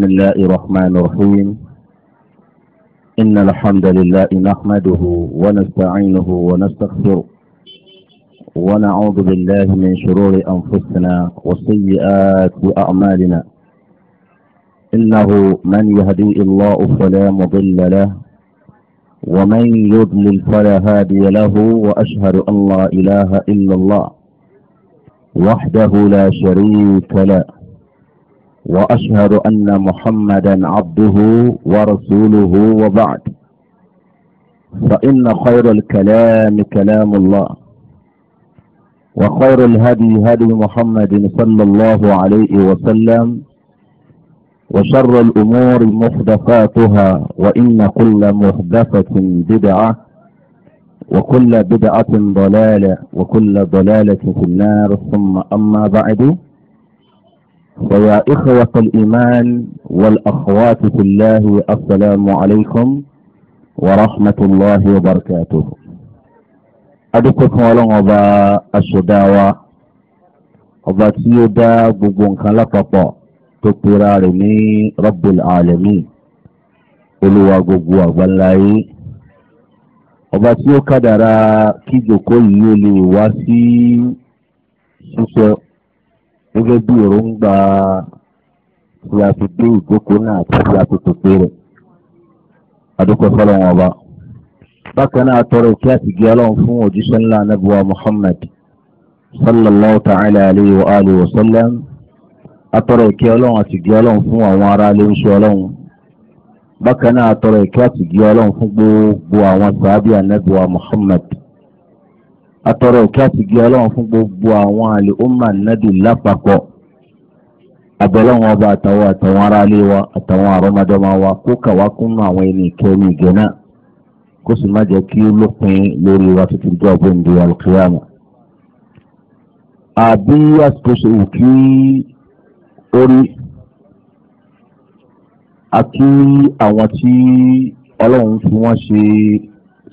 بسم الله الرحمن الرحيم إن الحمد لله نحمده ونستعينه ونستغفره ونعوذ بالله من شرور أنفسنا وسيئات أعمالنا إنه من يهدي الله فلا مضل له ومن يضلل فلا هادي له وأشهد أن لا إله إلا الله وحده لا شريك له وأشهد أن محمدا عبده ورسوله وبعد فإن خير الكلام كلام الله وخير الهدي هدي محمد صلى الله عليه وسلم وشر الأمور محدثاتها وإن كل محدثة بدعة وكل بدعة ضلالة وكل ضلالة في النار ثم أما بعد ويا إخوة الإيمان والأخوات في الله السلام عليكم ورحمة الله وبركاته أدوكم ولن أبا الشداوة أبا سيدا ببون خلقة تقرارني رب العالمين olúwa gbogbo àgbáláyé ọba tí ó kádàrá kíjòkó yìí ó lè gẹ́gẹ́ bí èròǹgbà tí a fi dé ìjókòó náà àti tí a fi tètè rẹ̀ adúgbò fọlọ́wọ́n ọba. bákan náà tọrọ ìkí àtìgẹ́ ọlọ́run fún òjíṣẹ́ ńlá anábùwà Muhammad sallallahu ta'ala alayhi wa alihi wa sallam atọrọ ìkẹ́ ọlọ́run àtìgẹ́ ọlọ́run fún àwọn ará ilé ọlọ́run bákan náà atọrọ ìkẹ́ àtìgẹ́ ọlọ́run fún gbogbo àwọn sàábì anábùwà Muhammad atọrọ òkè àtìgé ọlọ́run fún gbogbo àwọn àlè ọmọ ànádì lápapọ̀ abẹ́lẹ́wọn ọba àtàwọn àtàwọn aráalé wa àtàwọn àrọ́mọdọ́mọ wa kó kàwá kún àwọn ẹni ìkẹ́ni ìgẹ́nà kó sì má jẹ́ kí ó lópin lórí wa títí jọ́ ọ̀gbìndì alukiyama. àbí àsìkò ṣe wù kí ó rí àwọn tí ọlọ́run fi wọ́n ṣe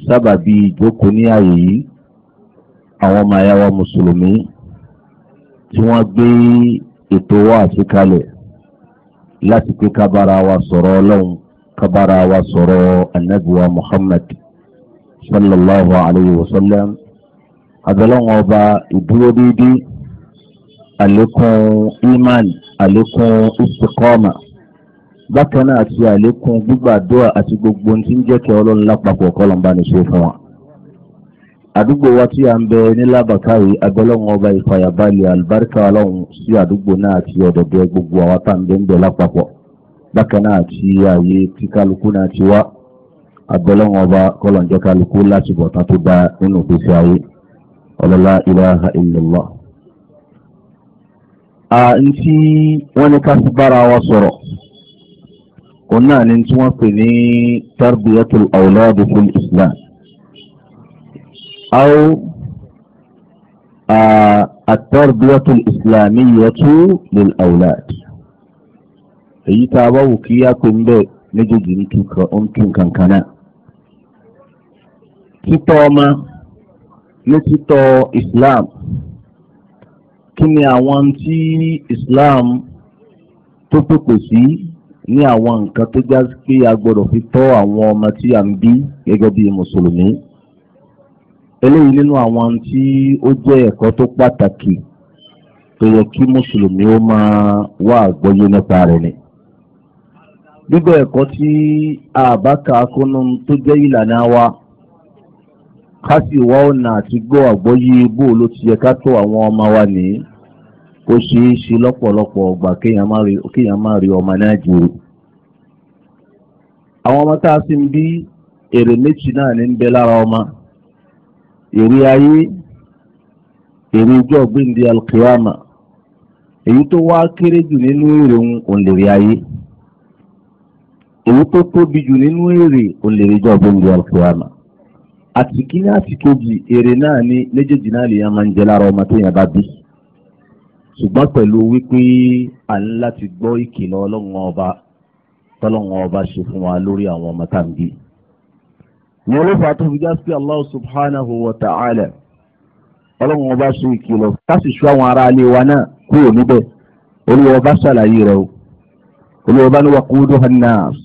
sábàbí ìjókòó ní àyè yìí àwọn ọmọ ayá wa mùsùlùmí tí wọ́n gbé ètò wa àfikalẹ̀ láti pé kábàárà wa sọ̀rọ̀ ọlọ́run kábàárà wa sọ̀rọ̀ anabiwa muhammad sallallahu alayhi wa sallam abẹ́lẹ́wọ̀n ọba ìdúró déédéé àlékún iman àlékún istiqama bákan náà àti àlékún gbígbàdúrà àti gbogbo ohun tí ń jẹ́ kí ọlọ́run lápapọ̀ kọ́ lọ́nba fún wa. àdúgbò wa tí a ń bẹ ní lábàkàyè abẹ́lẹ́wọ̀n ọba ìfàyàbalẹ̀ àlùbáríkà ọlọ́run sí àdúgbò náà àti ọ̀dọ̀dọ̀ gbogbo àwọn tá à ń bẹ ń bẹ lápapọ̀ bákan náà àti ààyè tí kálukú ti wá abẹ́lẹ́wọ̀n ọba kọlọ̀njẹ́ kálukú láti bọ̀ tán tó bá nínú ayé ọlọ́lá à ń tí wọ́n ní ká fi bára wa ni tí wọ́n pè ní tarbiyatul islam أو التربية الإسلامية للأولاد a bá wù kí yá pé ń bẹ méjèèjì ní kí n kankan náà Islam ni àwọn Islam tó pèpè sí pé a fi tọ́ àwọn ọmọ tí a ń bí eléyìí nínú àwọn tí ó je ẹ̀kọ́ tó pàtàkì tó yẹ kí mùsùlùmí ó máa wá nípa ni. gbígbọ́ ẹkọ tí àbáka akónú tó jẹ́ ìlànà wa ká sì wá ọ̀nà àti gbọ́ àgbọ́yé bó ló ti yẹ ká tó àwọn ọmọ wa nìyí kó ṣeé ṣe lọ́pọ̀lọpọ̀ ọgbà kéèyàn má rí ọmọ náà jèrè. àwọn ọmọ tá a sì ń bí èrè méjì èrè ayé èrè ọjọ́ gbẹ̀ndé alkiyama èyí tó wá kéré jù nínú èrè òun òun ayé èyí tó tóbi jù nínú èrè òun lè rí ọjọ́ àti kíní àti kejì èrè náà ní méjèèjì náà lè yàn máa bá bí ṣùgbọ́n pẹ̀lú wípé ọba tọ́lọ́run ọba ṣe fún wa lórí àwọn ìyẹn ló fà á tó fi já sí Allah subhanahu wa ta'ala ọlọ́run ọba ṣe ìkìlọ̀ káṣí ṣú àwọn ará ilé wa náà kúrò níbẹ̀ olùwọ́ bá ṣàlàyé rẹ̀ o olùwọ́ bá ní wàkúùdù hannas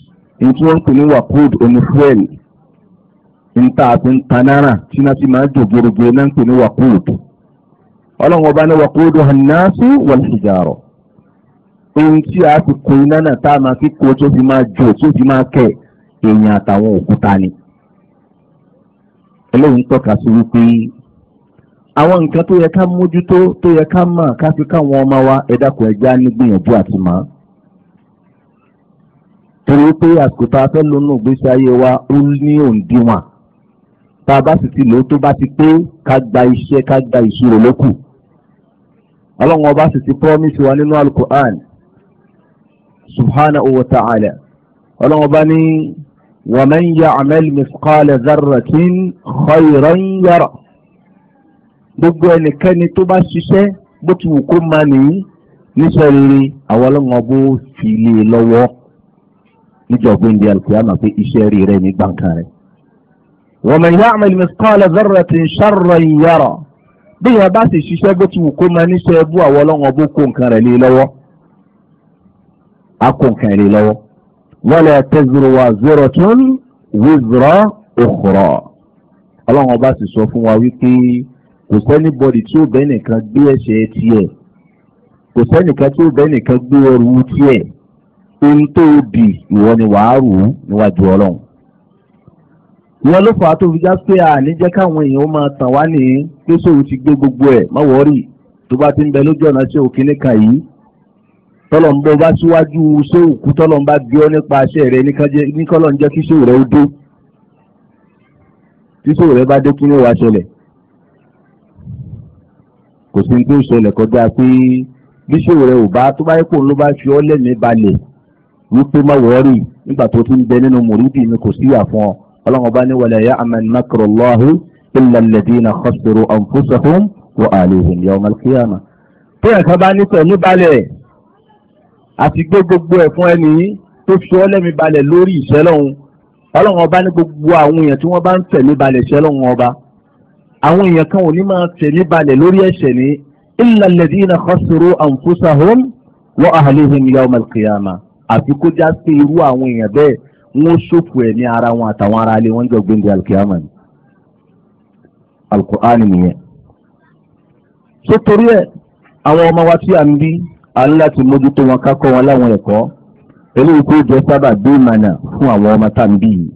ní tí wọ́n ń pè ní wàkúùdù onífúẹ́lì nta àti ntanára tí náà ti máa jò gèrègèrè náà ń pè ní wàkúùdù ọlọ́run ọba ní wàkúùdù hannasi wal hijaro ohun tí a ti kó iná náà tá a máa kíkó tó fi máa jò tó fi máa kẹ̀ èèyàn àtàwọn òkúta ni eléyìí ń tọ́ka sí wípé àwọn nǹkan tó yẹ ká mójútó tó yẹ ká mọ̀ ká fi káwọn ọmọ wa ẹ̀dá kò ẹja nígbìyànjú àti mọ́ torí pé àsìkò tá a fẹ́ lónú ìgbésí ayé wa ó ní òǹdíwọ̀n tá a bá sì ti lò ó tó bá ti pé ká gba iṣẹ́ ká gba ìṣirò lókù ọlọ́run ọba sì ti promise wa nínú alukur'an subhanahu wa ta'ala ọlọ́run ọba ní. ومن يعمل مثقال ذرة خيرا يرى gbogbo ẹnikẹ́ni tó bá ṣiṣẹ́ bó ti wù kó máa nìyí níṣẹ́ rere àwọn ọlọ́run ọbọ̀ fi lé e lọ́wọ́ níjọba ìdí alukóyàmà pé iṣẹ́ rere ní gbàǹkà rẹ̀. ومن يعمل مثقال ذرة شرا يرى bí yẹn bá sì ṣiṣẹ́ bó ti wù kó máa níṣẹ́ bú àwọn ọlọ́run ọbọ̀ kó nǹkan rẹ̀ lé e lọ́wọ́ á kó nǹkan rẹ̀ e lọ́wọ́ wala taziru waziratun wizra ukhra ọlọ́run ọba sì sọ fún wa wípé kò sẹ́nibọ́dì tí ó bẹ́ẹ̀ nìkan gbé ẹ̀ṣẹ̀ tiẹ̀ kò sẹ́nìkan tí ó bẹ́ẹ̀ nìkan gbé ẹrù tiẹ̀ ohun tó di ìwọ ni wàá rù ú níwájú ọlọ́run ìyẹn ló fà á tó fi já pé àníjẹ́ káwọn èèyàn máa tàn wá ní pé sóòrù ti gbé gbogbo ẹ̀ má wọ́ọ́rì tó bá ti ń bẹ lójú ọ̀nà tí òkè yìí tọ́lọ́mbọ́ bá síwájú sẹ́wù kú tọ́lọ́mbá bí ọ nípa aṣẹ rẹ níkọ́lọ́ ń jẹ́ kí sẹ́wù rẹ ó dé tí sẹ́wù rẹ bá dé kí ni wàá ṣẹlẹ̀ kò sí ní tó ṣẹlẹ̀ kọjá pé bí sẹ́wù rẹ ò bá tó bá yẹ kó ló bá fi ọ́ lẹ́mìí balẹ̀ wípé má wọ́ọ̀rì nígbà tó ti ń bẹ nínú mùrídì mi kò síyà fún ọ ọlọ́run ọba ní wala ya'man makrallahi illa alladhina khasiru anfusahum wa ahlihim yawm al-qiyamah àti gbé gbogbo ẹ̀ fún ẹni tó fi ọ́ lẹ́mi balẹ̀ lórí ìṣẹ́ lọ́hùn ọlọ́run ọba ní gbogbo àwọn èèyàn tí wọ́n bá ń tẹ̀mí balẹ̀ ìṣẹ́ lọ́hùn ọba àwọn èèyàn kan ò ní máa tẹ̀mí balẹ̀ lórí ẹ̀ṣẹ̀ ní illa alladhina khasiru anfusahum wa ahlihim yawm al-qiyamah àfi kó já sí irú àwọn èèyàn bẹ́ẹ̀ wọ́n ṣòfò ẹ̀ ní ara wọn àtàwọn ará ilé wọn jọ gbẹ̀ndé al ni al-Qur'an nìyẹn. sótórí ẹ̀ àwọn ọmọ wa tí a ń bí a ní láti mójútó wọn ká kọ́ wọn láwọn ẹ̀kọ́ eléyìí tó jẹ́ sábà dé ìmànà fún àwọn ọmọ tá à bí yìí.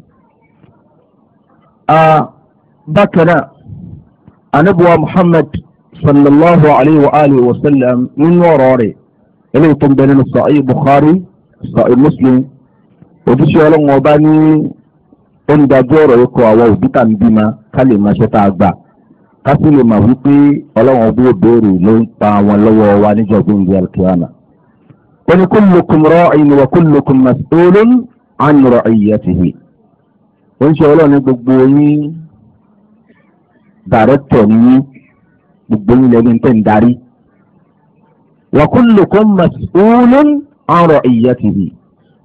bákan náà anabuwa muhammad sallallahu alayhi wa alihi wa sallam nínú ọ̀rọ̀ rẹ̀ eléyìí tó ń bẹ nínú sahih bukhari sahih muslim òjíṣẹ́ ọlọ́run ọba ní ó ń ọ̀rọ̀ yìí kọ àwọn òbí tá à bí ma ká lè máa ṣe tá a gbà ká sì lè mà wípé ọlọ́run bí òbéèrè ló ń pa wọn lọ́wọ́ wa níjọ́ bí ndí alkiyama. ó ní kullukum ra'in wa kullukum mas'ulun an ra'iyatihi. ó ń ṣe ọlọ́run ní gbogbo yín dàrẹ́tọ̀ ní gbogbo yín lẹ́ni tẹ́ ń darí. wa kullukum mas'ulun an ra'iyatihi.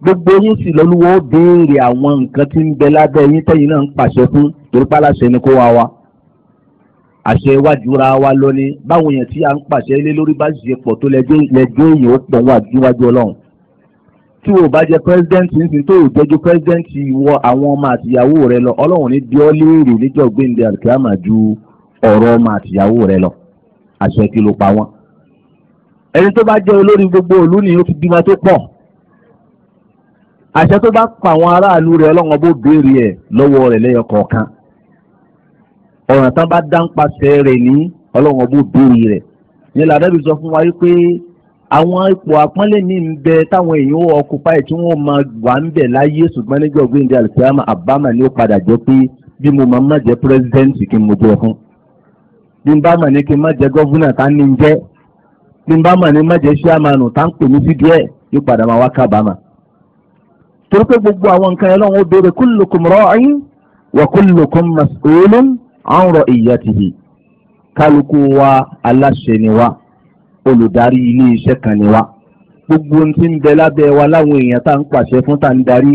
gbogbo yín sì lọ́lúwọ́ béèrè àwọn nǹkan tí ń bẹ lábẹ́ yín tẹ́yìn náà ń pàṣẹ fún torípàlàṣẹ ni kó wá wa. wa àṣẹ iwájú ra wa lónìí báwọn èèyàn tí a ń pàṣẹ lé lórí bá ṣe pọ̀ tó lẹ́jọ́ èèyàn ó pọ̀ níwájú ọlọ́run tí o bá jẹ pẹ́sidẹ́ǹtì nísìnyí tó o jẹ́jú pẹ́sidẹ́ǹtì wọ àwọn ọmọ àtìyàwó rẹ lọ ọlọ́run ní bí ọ́ léèrè níjọ́ gbẹ̀ǹdẹ̀ àlùkìyàmà ju ọ̀rọ̀ ọmọ àtìyàwó rẹ lọ àṣẹ kí ló pa wọ́n. ẹni tó bá jẹ́ olórí gbogbo òlú ni ó ti bímọ tó pọ̀ àṣẹ tó bá pa àwọn aráàlú rẹ ọlọ́run bó béèrè ẹ̀ lọ́wọ́ rẹ̀ lẹ́yọ kọ̀ọ̀kan ọ̀ràn tán bá dá ń paṣẹ rẹ̀ ní ọlọ́run ọbọ̀ òbí rẹ̀ ní làdẹ́bí sọ fún wa wípé àwọn ipò àpọ́nlé ní ń bẹ táwọn èèyàn ó ọkùpá ẹ̀ tí wọ́n máa wà ń bẹ̀ láyé ṣùgbọ́n níjọ́ gbẹ̀ndé alikiyama àbámà ni ó padà jẹ́ pé bí mo máa má jẹ́ pírẹ́sidẹ́ǹtì kí n mo jẹ́ fún bí n bá mà ní kí n má jẹ́ gọ́fúnà tá ní ń jẹ́ bí n bá mà ní má jẹ́ ṣíàmánù tá ń pè mí sí díẹ̀ yóò padà máa wá kábàámà. torí pé gbogbo àwọn nǹkan ẹ̀ ó béèrè kullukum ra'in wa kullukum mas'ulun àǹrọ̀ ìyàtìhì kálukú wa aláṣẹ ni wa olùdarí ilé iṣẹ́ gbogbo ohun tí ń wa láwọn èèyàn tá ń pàṣẹ fún tá ń darí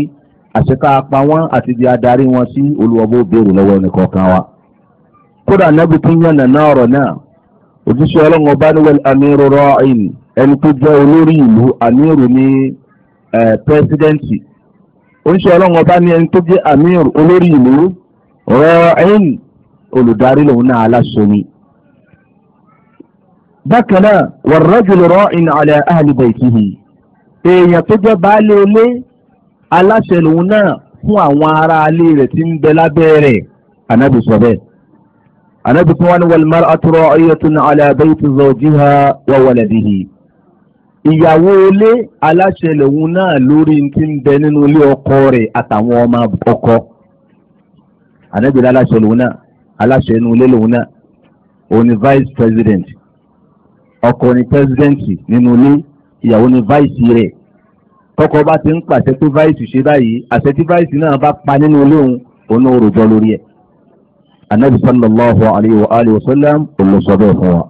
àṣekà apá àti di adarí wọn sí olùwọ́bó béèrè lọ́wọ́ ẹnìkọ̀ọ̀kan wa. kódà nábì tún yànnà náà náà ọba ẹni tó jẹ́ olórí ìlú ní ọba ní ẹni tó jẹ́ olùdarí lòun náà aláṣọ ni. bákan náà war-rajulu ra'in ala ahli baytihi èèyàn tó jẹ́ baálé ilé aláṣẹ lòun náà fún àwọn ará ilé rẹ̀ tí ń bẹ lábẹ́ rẹ̀ anábì sọ bẹ́ẹ̀. anábì tí wọ́n ní wal mar'atu ra'iyatun ala bayti zawjiha wa waladihi ìyàwó ilé aláṣẹ lòun náà lórí ti ń bẹ nínú ilé ọkọ rẹ̀ àtàwọn ọmọ ọkọ anábì aláṣẹ lòun náà aláṣẹ inú ilé lòun náà òun ni vice president ọkọ ni president nínú ilé ìyàwó ni vice rẹ̀ tọkọ bá ti ń pàṣẹ pé vice ṣe báyìí àṣẹ tí vice náà bá pa nínú ilé òun òun náà rò jọ lórí ẹ̀ anabi sallallahu alayhi wa alihi wa sallam olùsọ bẹ́ẹ̀ fún wa.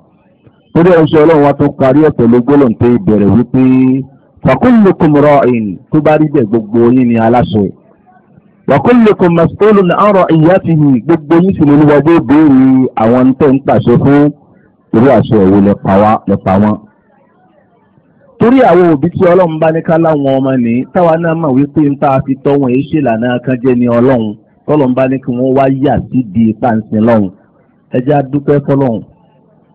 torí ẹ̀ ń ṣe ọlọ́run wa tún parí ẹ̀ pẹ̀lú gbólóǹté bẹ̀rẹ̀ wípé fakullukum ra'in tó bá rí bẹ́ẹ̀ gbogbo yín ni aláṣẹ wàkúlẹ̀kùn mas'ulun ní ọ̀rọ̀ ìyá ti hì gbogbo yín sì ní olúwàdé béèrè àwọn tẹ̀ ń pàṣẹ fún irú àṣẹ ìwé lẹ́pa wọn. torí àwọn òbí tí ọlọ́run bá ní ká láwọn ọmọ ní táwa náà mọ̀ wípé ń tá a fi tọ́ wọn èyí ṣèlànà kan jẹ́ ní ọlọ́run tọ́lọ́run bá ní kí wọ́n wá yà sí di pàǹsìn lọ́hùn ẹjẹ́ adúpẹ́ fọlọ́hùn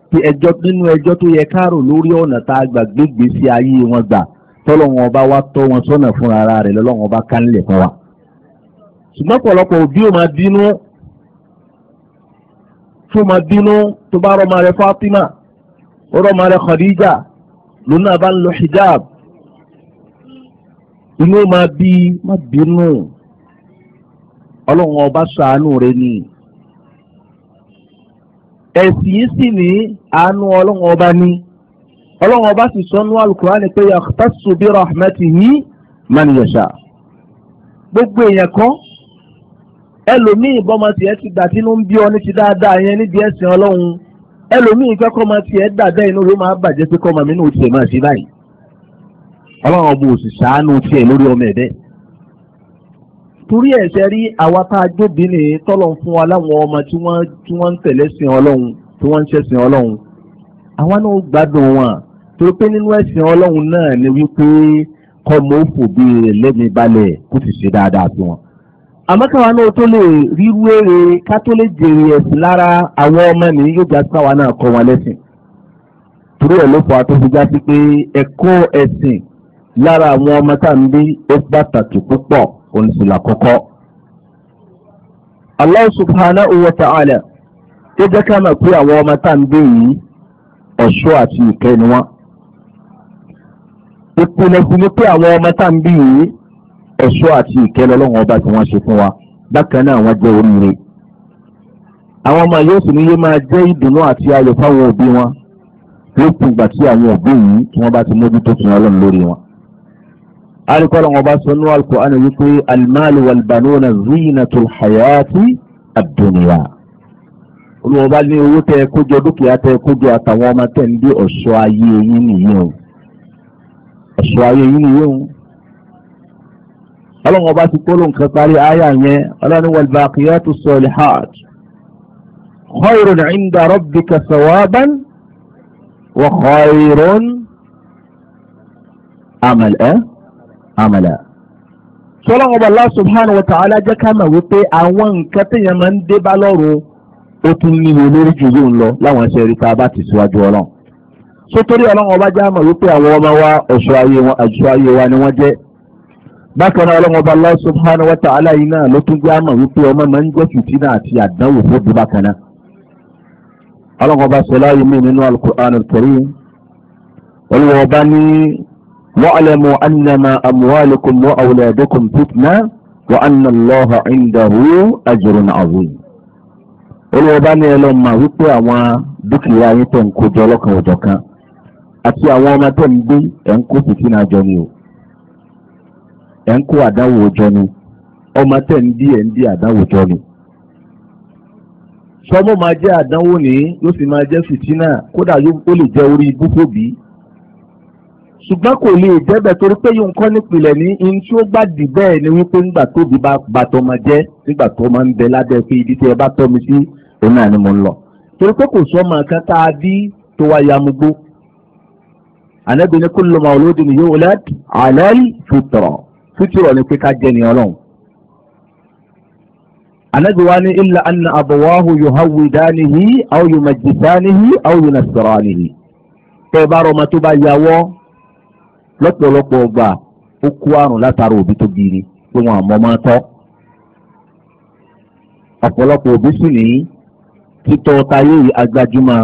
ti ẹjọ́ nínú ẹjọ́ tó yẹ káàrò lórí ọ̀nà tá a gbà gbégbèsè ayé wọn gbà tọ́lọ́run ọba wa tọ́ wọn sọ́nà fúnra rẹ̀ lọ́lọ́run ọba kánlẹ̀ fún wa ṣùgbọ́n ọ̀pọ̀lọpọ̀ òbí ò máa bínú tó máa bínú tó bá rọ́ máa rẹ Fatima ó rọ́ máa rẹ Khadija lónà bá ń lo hijab inú máa bí má bínú ọlọ́run ọba ṣàánú rẹ ni ẹ̀sìn yìí sì ní àánú ọlọ́run ọba ni ọlọ́run ọba sì sọ alukurani pé yàtọ̀ subi rahmatihi man yasha gbogbo èèyàn kan ẹlòmíì bọ́mọ tiẹ̀ ti gbà tínú ń bí ọ ní ti dáadáa yẹn níbi ẹ̀sìn ọlọ́run ẹlòmíì fẹ́ kọ́mọ tiẹ̀ dàbẹ́ inú ló máa bàjẹ́ pé kọ́mọ mi náà tiẹ̀ máa ṣe báyìí ọlọ́run ọba òsì ṣàánú tiẹ̀ lórí ọmọ ẹ̀dẹ́ torí ẹ̀ṣẹ̀ rí àwa tá a jóbi ní tọ́lọ̀ fún wa láwọn ọmọ tí wọ́n ń tẹ̀lé sin ọlọ́run tí wọ́n ń ṣẹ̀sìn ọlọ́run Amaka wa náà tó lè ríru èrè ká tó lè jèrè ẹ̀sìn lára àwọn ọmọ mi yóò já Turu náà kọ́ wọn lẹ́sìn torí ẹ̀ ló pé ẹ̀kọ́ ẹ̀sìn lára àwọn ọmọ tá à ń bí ó pàtàkì púpọ̀ òun sì làkọ́kọ́. Allah subhanahu wa ta'ala ó jẹ́ ká pé ọmọ tá à ń bí yìí ọ̀ṣọ́ àti ìkẹ́ ni wọ́n. ọmọ tá à ń ẹ̀ṣọ́ àti ìkẹ́lẹ́ ọlọ́run ọba tí wọ́n ṣe fún wa bákan náà wọ́n jẹ́ oríire. àwọn ọmọ yóò sì ní yé máa jẹ́ ìdùnnú àti ayọ̀ fáwọn òbí wọn lópin ìgbà tí àwọn òbí yìí tí wọ́n bá ti mójútó fi ọlọ́run lórí wọn. alikọ́ ọlọ́run ọba sọ ní Al-Qur'an wípé al-malu wal-banuna zinatul hayati ad-dunya. olùwọ́ba ní owó tẹ ẹ kójọ dúkìá tẹ ẹ kójọ àtàwọn ọmọ tẹ̀ ń dé ọ̀ṣọ́ ayé yín nìyẹn o ọ̀ṣọ́ ayé yín nìyẹn o ọlọ́run ọba ti kó lóǹkan parí àyà yẹn ọlọ́run wal baqiyatu salihat khayrun inda rabbika sawaban wa khayrun eh? amala amala. sọlọ́run ọba Allah subhanahu wa ta'ala jẹ́ ká mọ̀ wípé àwọn nǹkan téèyàn máa ń dé bá lọ́rùn ó tún ní olórí jù yóò ń lọ láwọn ẹsẹ̀ rí tá bá ti síwájú ọlọ́run. sótórí ọlọ́run ọba jẹ́ àmọ̀ wípé àwọn ọmọ wa ọ̀ṣọ́ ayé wa ni wọ́n jẹ́ bákan náà ọlọ́run ọba Allah subhanahu wa ta'ala yìí náà ló tún jẹ́ àmọ̀ wípé ọmọ máa ń jẹ́ fìtínà àti àdánwò fún bí bákan náà. ọlọ́run ọba sọ láàyè mí nínú al-Qur'an al ní wa'lamu annama amwalukum wa awladukum fitna wa anna indahu ajrun azim. olùwọ̀ ní ẹlọ́ mà wípé àwọn dúkìá yín tẹ̀ ń kó jọ ọlọ́kan òjọ̀ àti àwọn ọmọ ń gbé ẹ̀ ń kó fìtínà jọ ni o ẹ̀ ń kó àdáwò jọ ni ọmọ tẹ̀ ń dí ẹ̀ ń dí àdáwò jọ ni. sọmọ máa jẹ́ àdánwò ní yóò sì máa jẹ́ fìtínà kódà ó lè jẹ́ orí ibú fòbí. ṣùgbọ́n kò lè jẹ́bẹ̀ torí pé yóò ń kọ́ nípìnlẹ̀ ní in tí ó gbà dì bẹ́ẹ̀ ni wípé ńgbà tóbi bá bàtọ́ máa jẹ́ nígbà tó máa ń bẹ lábẹ́ pé ibi tí ẹ bá tọ́ mi sí òun náà ni mo ń lọ. torí pé kò sọ́mọ kan tá a bí tó wá yamugbó. ànábìíní kúlọ̀ màlúù sútúrọ̀ ni pé ká jẹ́ ni ọlọ́run. Ànábì wa ní illa anna abawahu yuhawidanihi aw yumajjisanihi aw yunasiranihi. Tẹ́ ẹ bá rọ ọmọ tó bá yàwọ́ lọ́pọ̀lọpọ̀ ọgbà ó kó àrùn látara òbí tó giri pé wọn àmọ́ máa tọ́. Ọ̀pọ̀lọpọ̀ òbí sì ní títọ́ tayé agbájúmọ́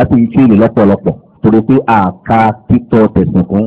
àti ìṣèlè lọ́pọ̀lọpọ̀ torí pé àka títọ́ tẹ̀sán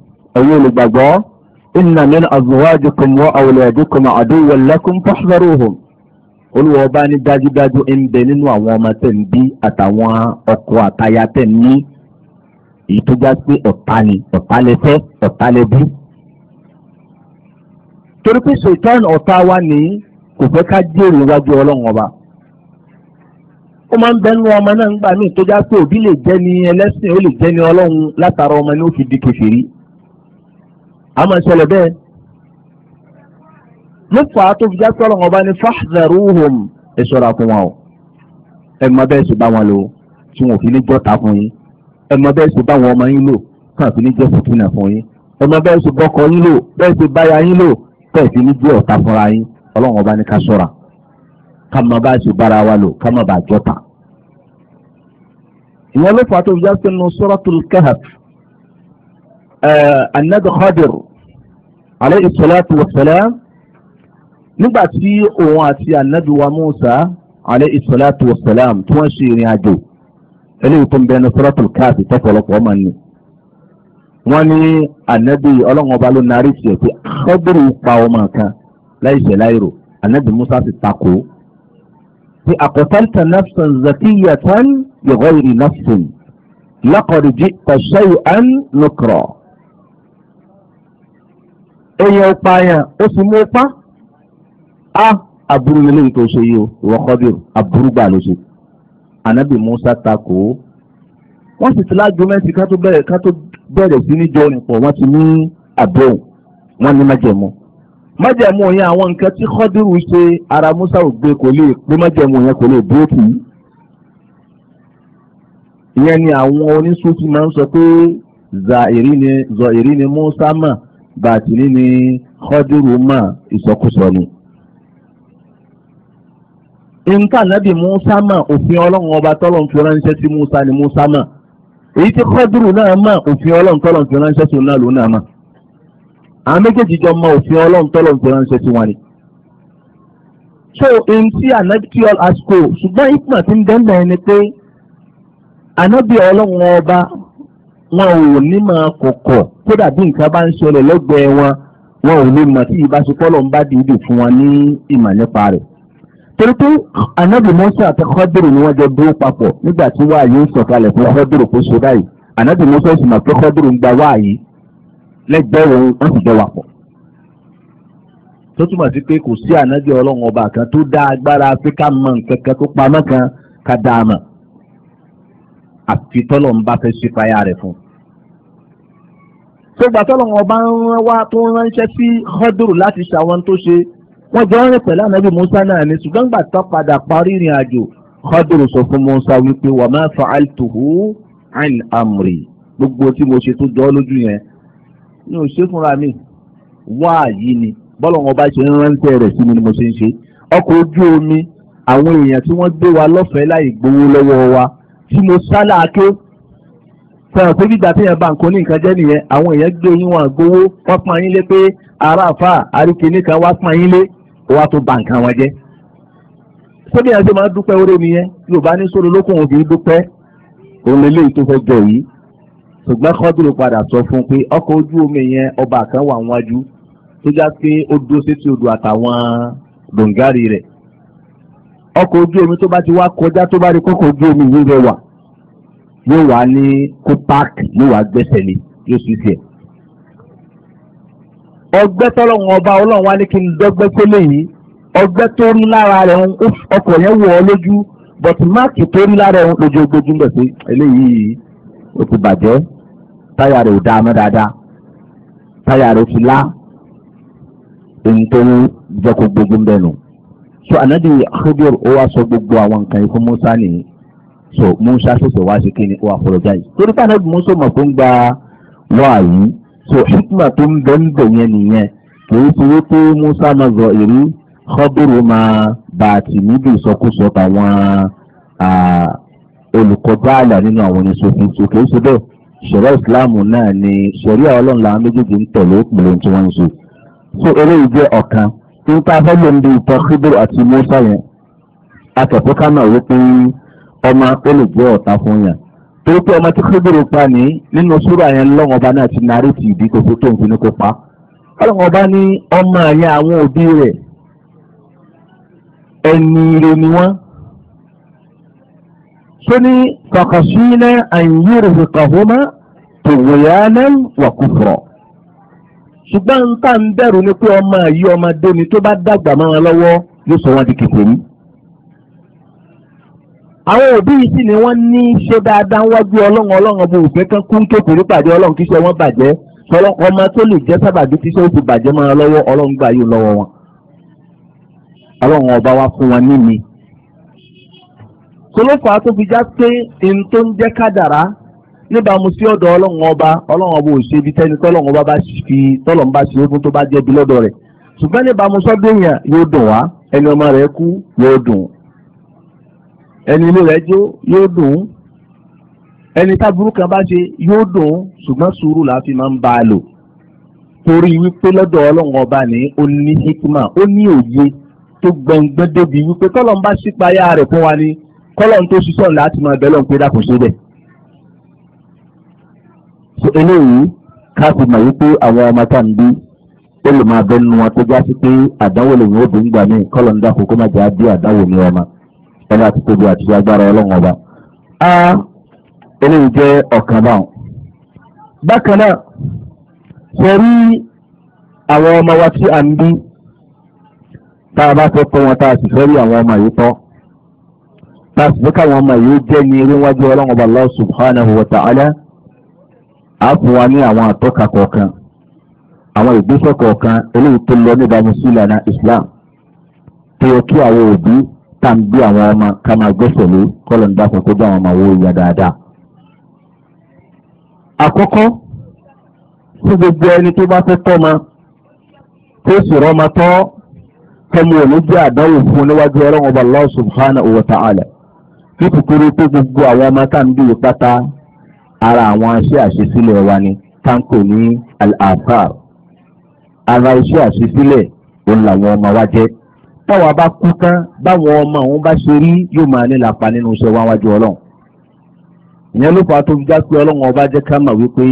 ẹ̀yin olùgbàgbọ́ inna min azwajikum wa awladikum aduwwan lakum fahzaruhum olùwọ́ bá ní dájúdájú ń bẹ nínú àwọn ọmọ tẹ̀ ń bí àtàwọn ọkọ àtaya tẹ̀ ń ní èyí tó já pé ọ̀tá ni ọ̀tá lẹ fẹ́ ọ̀tá lẹ bí. torí pé sultan ọ̀tá wa ní kò fẹ́ ká jèrè iwájú ọlọ́run ọba ó máa ń bẹ nínú ọmọ náà ń gbà míì tó já pé òbí lè jẹ́ ni ẹlẹ́sìn ó lè jẹ́ ni ọlọ́run látara ọmọ ni ó fi di kèfèrí a máa ṣẹlẹ̀ bẹ́ẹ̀ ló fà á tó fi já sọ́rọ̀ wọn bá ní fáhàdàrúhùn ẹ ṣọ́ra fún wọn o ẹ mọ bẹ́ẹ̀ sì bá wọn lò tí wọn ò fi ní jọ́ta fún yín ẹ mọ bẹ́ẹ̀ sì bá wọn ọmọ yín lò tí wọn fi ní jẹ́ fìtínà fún yín ẹ mọ bẹ́ẹ̀ sì bọ́kọ yín lò bẹ́ẹ̀ sì báyà yín lò bẹ́ẹ̀ sì ní jẹ́ ọ̀tá fúnra yín wa lò ká mọ bá jọ́ta. ìyẹn ló fà á tó fi já sọ́rọ̀ tó kẹ́hàpù anabi Khadir alayhi salatu wa salam nígbà tí òun àti anabi wa Musa alayhi salatu wa salam tí wọ́n ṣe ìrìn àjò eléyìí tó ń bẹ ní suratul káàsì tẹ́kọ̀ọ́lọ́pọ̀ ọmọ ni wọ́n ní anabi ọlọ́run ọba ló narí tiẹ̀ pé Khadir pa ọmọ kan láìṣẹ̀ láìrò anabi Musa sì takò pé aqtalta nafsan zakiyatan bighayri nafsin laqad ji'ta shay'an nukra èèyàn ò pààyàn ó sì mú ipá á aburú lélẹ́yìí tó ṣe yìí o ìwọ kọ́bíò aburú gbà ló ṣe ànábì Musa takò ó wọ́n sì ti lájú mẹ́sì ká tó bẹ̀rẹ̀ ká tó bẹ̀rẹ̀ sí ní jọ nìpọ̀ wọ́n ti ní àbẹ̀wò wọ́n ní májẹ̀mú májẹ̀mú yẹn àwọn nǹkan tí kọ́dírù ṣe ara Musa ò gbé kò lè pé májẹ̀mú yẹn kò lè dúró tì í ni àwọn oníṣòwò ti máa ń sọ pé zàìrí ni zọ̀ìrí ni Musa mọ̀ bàtìní ni kọ́dúrú mà ìsọkúsọ ni. nǹkan nábì musa mà òfin ọlọ́run ọba tọ́lọ̀ ń fi ránṣẹ́ sí musa ni musa mà èyí tí kọ́dúrú náà mà òfin ọlọ́run tọ́lọ̀ ń fi ránṣẹ́ sí náà lónà mà. àwọn méjèèjì jọ mọ òfin ọlọ́run tọ́lọ̀ fi ránṣẹ́ sí wọn ni. so n tí ànábì tí ọ àsìkò ṣùgbọ́n ìpínlẹ̀ tí ń dẹ́ndẹ̀ ni pé ànábì ọlọ́run ọba wọn ò ní máa kọ̀kọ̀ kódà bí nǹkan bá ń ṣẹlẹ̀ lọ́gbẹ̀ẹ́ wọn wọn ò lè mọ̀ tí ìbáṣepọ̀ lọ́n bá dìídì fún wọn ní ìmọ̀ nípa rẹ̀. torí pé anábì Mùsá àti Khadiru ni wọ́n jọ dúró papọ̀ nígbà tí wáàyè ń sọ̀kalẹ̀ fún Khadiru kó ṣe báyìí anábì Mùsá sì mọ̀ pé Khadiru ń gba wáàyè lẹ́gbẹ̀ẹ́ òun wọ́n sì jọ wà pọ̀. tó túmọ̀ sí pé kò sí anábì ọlọ́run ọba kan tó dá agbára Áfíríkà mọ̀ nǹkan tó pamọ́ kan ká dáa mọ̀ àfi ń bá fẹ́ ṣípayá rẹ̀ fún un tó gbà tọ́lọ́run ọba ń rán wá tó ń ránṣẹ́ sí họ́dùrù láti ṣàwọn tó ṣe wọ́n jọ rìn pẹ̀lú ànábì Musa náà ní ṣùgbọ́n gbà tó padà parí ìrìn àjò họ́dùrù sọ fún Musa wípé wa ma fa'altuhu an amri gbogbo tí mo ṣe tó jọ lójú yẹn mi ò fúnra mi wá yìí ni bọ́lọ́run ọba ṣe ń ránṣẹ́ rẹ̀ sí mi ni mo ṣe ń ṣe ọkọ̀ ojú omi àwọn èèyàn tí wọ́n gbé wa lọ́fẹ̀ẹ́ láì gbowó lọ́wọ́ wa tí mo sálà ké sọ̀rọ̀ pé gbígbà téèyàn bá nǹkan ní nǹkan jẹ́ nìyẹn àwọn èèyàn gbé yín wọn gbowó wọ́n pọ́n yín lé pé ara àfa àríkìní kan wá pọ́n yín lé wá tó ba nǹkan wọn jẹ́. sóbì yẹn ṣe máa dúpẹ́ oore nìyẹn yorùbá ní sórí olókùn òbí dúpẹ́ òun lélẹ́yìí tó fẹ́ jọ yìí. ṣùgbọ́n kọ́dúró padà sọ fún un pé ọkọ̀ ojú omi yẹn ọba kan wà wájú tó já pé ó dúró sétí odò àtàwọn dòǹgárì rẹ̀. ọkọ̀ ojú omi tó bá ti wá kọjá tó bá rí kọ́kọ́ ojú omi yìí rẹwà yóò wá ní kó páàkì yóò wá gbẹ́sẹ̀ lé yóò sì tiẹ̀. ọgbẹ́ tọ́lọ́run ọba ọlọ́run wá ní kí n dọ́gbẹ́ tó léyìí ọgbẹ́ tó rí lára rẹ̀ ọkọ̀ yẹn wọ̀ ọ́ lójú but máàkì tó rí lára rẹ̀ lójú ogójú bẹ̀ sí eléyìí ó ti bàjẹ́ táyà rẹ̀ ò dáa mọ́ dáadáa táyà rẹ̀ ó ti lá ohun tó ń jẹ́ kó gbógun bẹ́ẹ̀ nù. so ànádi Khidir ó wá sọ gbogbo àwọn nǹkan ikú Musa nìyí so musa ṣẹ̀ṣẹ̀ wá ṣe kíni ó apologize torí pé anabi musa mọ̀ tó ń gba wáàyí so hikma tó ń bẹ ń bẹ yẹn nìyẹn kìí ṣe wípé musa máa zọ èrè kọ́dúró máa bá a tì níbi ìsọkúsọ tàwọn olùkọjá àlà nínú àwọn oníṣòfin so kìí ṣe bẹ́ẹ̀ ṣẹ̀rẹ́ ìsìláàmù náà ni ṣẹ̀ríà ọlọ́run làwọn méjèèjì ń tẹ̀lé ìpìlẹ̀ tí wọ́n ń ṣe so eléyìí jẹ́ ọ̀kan tí ń ta afẹ́lẹ́ ń di ìtọ́ kídúró àti musa yẹn akẹ́kọ̀ọ́ ká wípé ọmọ olùgbọ́ ọ̀tá fún yàn torí pé ọmọ tí Khidru pa ní nínú sùúrù àyẹn lọ́wọ́ ọba náà ti nàárẹ̀tì ìdí kò tó tóun fi ní kó pa ọlọ́wọ́ ọba ní ọmọ àyẹ àwọn òbí rẹ̀ ẹni rẹ̀ ni wọ́n tó ní kọ̀kọ̀sílẹ̀ àyìnrìnrìn kọ̀húnmá tòwòyánẹ́ wà kúfọ̀rọ̀ ṣùgbọ́n nǹkan bẹ̀rù ni pé ọmọ ọmọdé ni tó bá dàgbà lọ́wọ́ yóò sọ wọn di àwọn òbí yìí sì ni wọ́n ní ṣe dáadáa wájú ọlọ́run ọlọ́run ọba òfin kan kún kékeré pàdé ọlọ́run kíṣẹ́ wọn bàjẹ́ ọmọ tó lè jẹ́ sábàbí tíṣẹ́ ó ti bàjẹ́ mọ́ra lọ́wọ́ ọlọ́run gbà yóò lọ́wọ́ wọn ọlọ́run ọba wa fún wọn ní mi tolófà tó fi já pé n tó ń jẹ́ kádàrá níbàámu sí ọ̀dọ̀ ọlọ́run ọba ọlọ́run ọba ò ṣe ibi tẹ́ni tọ́lọ́run ẹni inú rẹ̀ jó yóò dùn ún ẹni táburú kan bá ṣe yóò dùn ṣùgbọ́n sùúrù la fi máa ń bá a lò torí wípé lọ́dọ̀ ọlọ́run ọba ní ó ní hikma ó ní òye tó gbọ̀ngbọ́n débi wípé kọ́lọ̀ ń bá sípayá rẹ̀ fún wa ni kọ́lọ̀ ń tó ṣiṣọ́ ńlá ti máa bẹ̀rẹ̀ pé dàkú sí bẹ̀. eléyìí ká fi mọ̀ wípé àwọn ọmọ tá à ń bí ó lè máa bẹ́ẹ̀ nu wọn tó já sí pé àdánwò lòun ó bí ń gbà mí kọ́lọ̀ ń kó má jẹ́ àbí àdánwò ní ọmọ. ẹni àti tóbi àti agbára ọlọ́run ọba. a eléyìí jẹ́ ọ̀kan báwọn. bákan náà ṣe rí àwọn ọmọ wa tí a ń bí tá a bá fẹ́ tọ́ wọn tá a sì àwọn ọmọ yìí tọ́ tá a ọmọ yìí jẹ́ ní eré Allah subhanahu wa ta'ala a fún wa ní àwọn àtọ́ka kọ̀ọ̀kan àwọn ìgbésẹ̀ kọ̀ọ̀kan eléyìí tó lọ Islam tó yẹ kí tá à ń bí àwọn ọmọ ká máa gbẹ́sẹ̀ lé kọ́lọ̀ ń dákun kó dá àwọn ọmọ owó ya dáadáa. àkọ́kọ́ tí gbogbo ẹni tó bá fẹ́ tọ́ tó sì rọ́mọ tọ́ tọ́mu ò ní jẹ́ àdánwò fún níwájú ọlọ́run ọba Allah subhanahu wa ta'ala ní kúkúrú tó gbogbo àwọn ọmọ tá à ń bí wò pátá ara àwọn aṣẹ́ àṣesílẹ̀ wa ni táǹkò ní al ara iṣẹ́ àṣesílẹ̀ òun làwọn ọmọ wa jẹ́ táwa bá kú tán báwọn ọmọ òun bá ṣe rí yóò máa ní làpá nínú iṣẹ́ wa wájú ọlọ́run ìyẹn ló fà á tó já pé ọlọ́run ọba jẹ́ ká mà wípé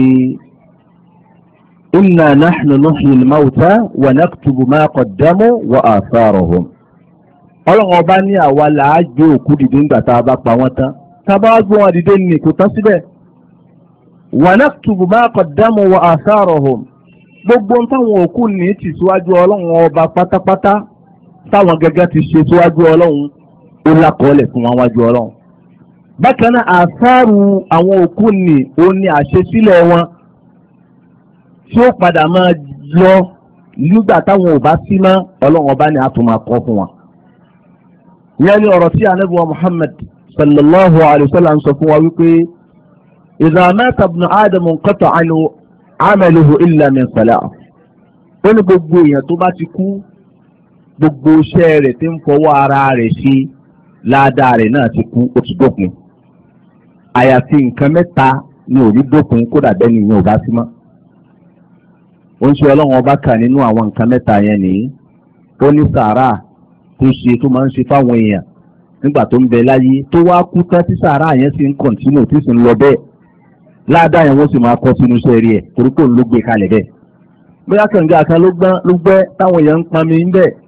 inna nahnu nuhyi mawta wa naktubu ma qaddamu wa atharahum ọlọ́run ọba ní àwa là á gbé òkú dìde nígbà tá a bá pa wọ́n tán tá a bá wá gbé wọn dìde ní kò tán síbẹ̀ wa naktubu ma qaddamu wa atharahum gbogbo táwọn òkú ní tìṣíwájú ọlọ́run ọba pátápátá táwọn gẹ́gẹ́ ti ṣe síwájú ọlọ́run ó lákọọ́lẹ̀ fún wọn wájú ọlọ́run. bákan náà àsáàrù àwọn òkú ni ó ní àṣesílẹ̀ wọn tí ó padà máa lọ nígbà táwọn ò bá sí mọ́ ọlọ́run ọba ni a tún máa kọ́ fún wọn. ìyẹn ni ọ̀rọ̀ tí ànábì wa Muhammad sallallahu alayhi wa sallam sọ fún wa wípé idha mata ibnu ádámù qata 'amaluhu illa min salah. ó ní gbogbo èèyàn tó bá ti kú gbogbo iṣẹ́ rẹ̀ tí ń fọwọ́ ara rẹ̀ ṣe ládàá rẹ̀ náà ti kú ó ti dópin àyàfi nǹkan mẹ́ta ni ò ní dópin kódà bẹ́ẹ̀ ni ìyẹn ò bá sí mọ́ ó ń ṣe ọlọ́run ọba kà nínú àwọn nǹkan mẹ́ta yẹn nìyí ó ní sàárà tó ṣe tó máa ń ṣe fáwọn èèyàn nígbà tó ń bẹ láyé tó wá kú tán tí sàárà yẹn sì ń kọ̀ǹtínú tí sì ń lọ bẹ́ẹ̀ ládàá yẹn wọ́n sì máa kọ́ sínú iṣẹ́ rí ẹ̀ torí kò ń ló gbé kalẹ̀ bẹ́ẹ̀ bóyá kànga kan ló gbẹ́ táwọn èèyàn ń pamí ń bẹ́ẹ̀